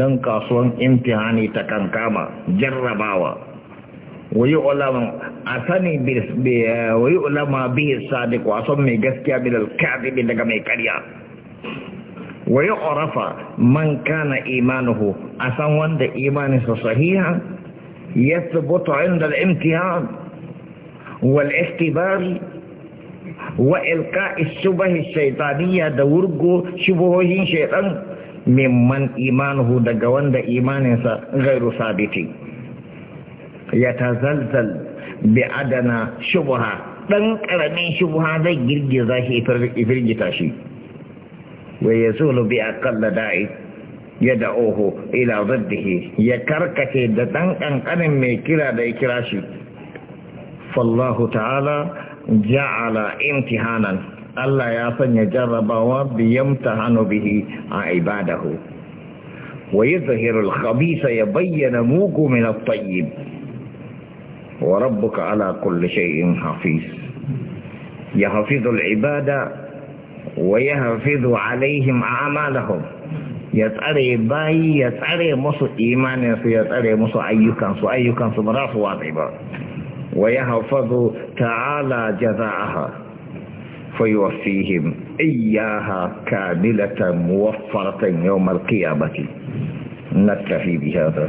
dan kasuwan imtihani ta kankama jarrabawa wa ulama asani bi wa yu'lamu bi sadiq wa san mai gaskiya bil daga mai karya ويعرف من كان إيمانه أثن وند إيمانه صحيحا يثبت عند الامتحان والاختبار وإلقاء الشبه الشيطانية دورجو شبهه شيطان ممن إيمانه دقوان دا إيمانه غير ثابت يتزلزل بعدنا شبهة تنقل من شبهة ذي جرجي ذاهي في الجتاشي ويزول بأقل داعي يدعوه إلى ضده يكركك دتن أن من كلا دي كراشي فالله تعالى جعل امتحانا الله يصن يجرب وبيمتحن به عباده ويظهر الخبيث يبين موك من الطيب وربك على كل شيء حفيظ يحفظ العباد ويحفظ عليهم أعمالهم يتعري باي يتعري مصر إيمان يتعري مصر أيكم سو أيكم سو مراف واضعبا ويحفظ تعالى جزاءها فيوفيهم إياها كاملة موفرة يوم القيامة نكتفي بهذا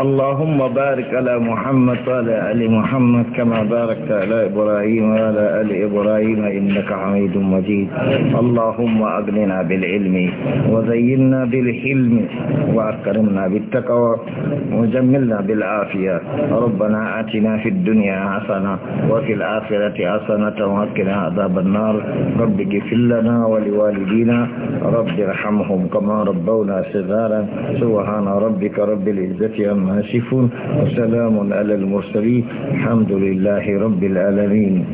اللهم بارك على محمد وعلى آل محمد كما باركت على إبراهيم وعلى آل إبراهيم إنك حميد مجيد اللهم أغننا بالعلم وزينا بالحلم وأكرمنا بالتقوى وجملنا بالعافية ربنا آتنا في الدنيا حسنة وفي الآخرة حسنة وقنا عذاب النار رب اغفر لنا ولوالدينا رب ارحمهم كما ربونا صغارا سبحان ربك رب العزة عما آسف وسلام على المرسلين الحمد لله رب العالمين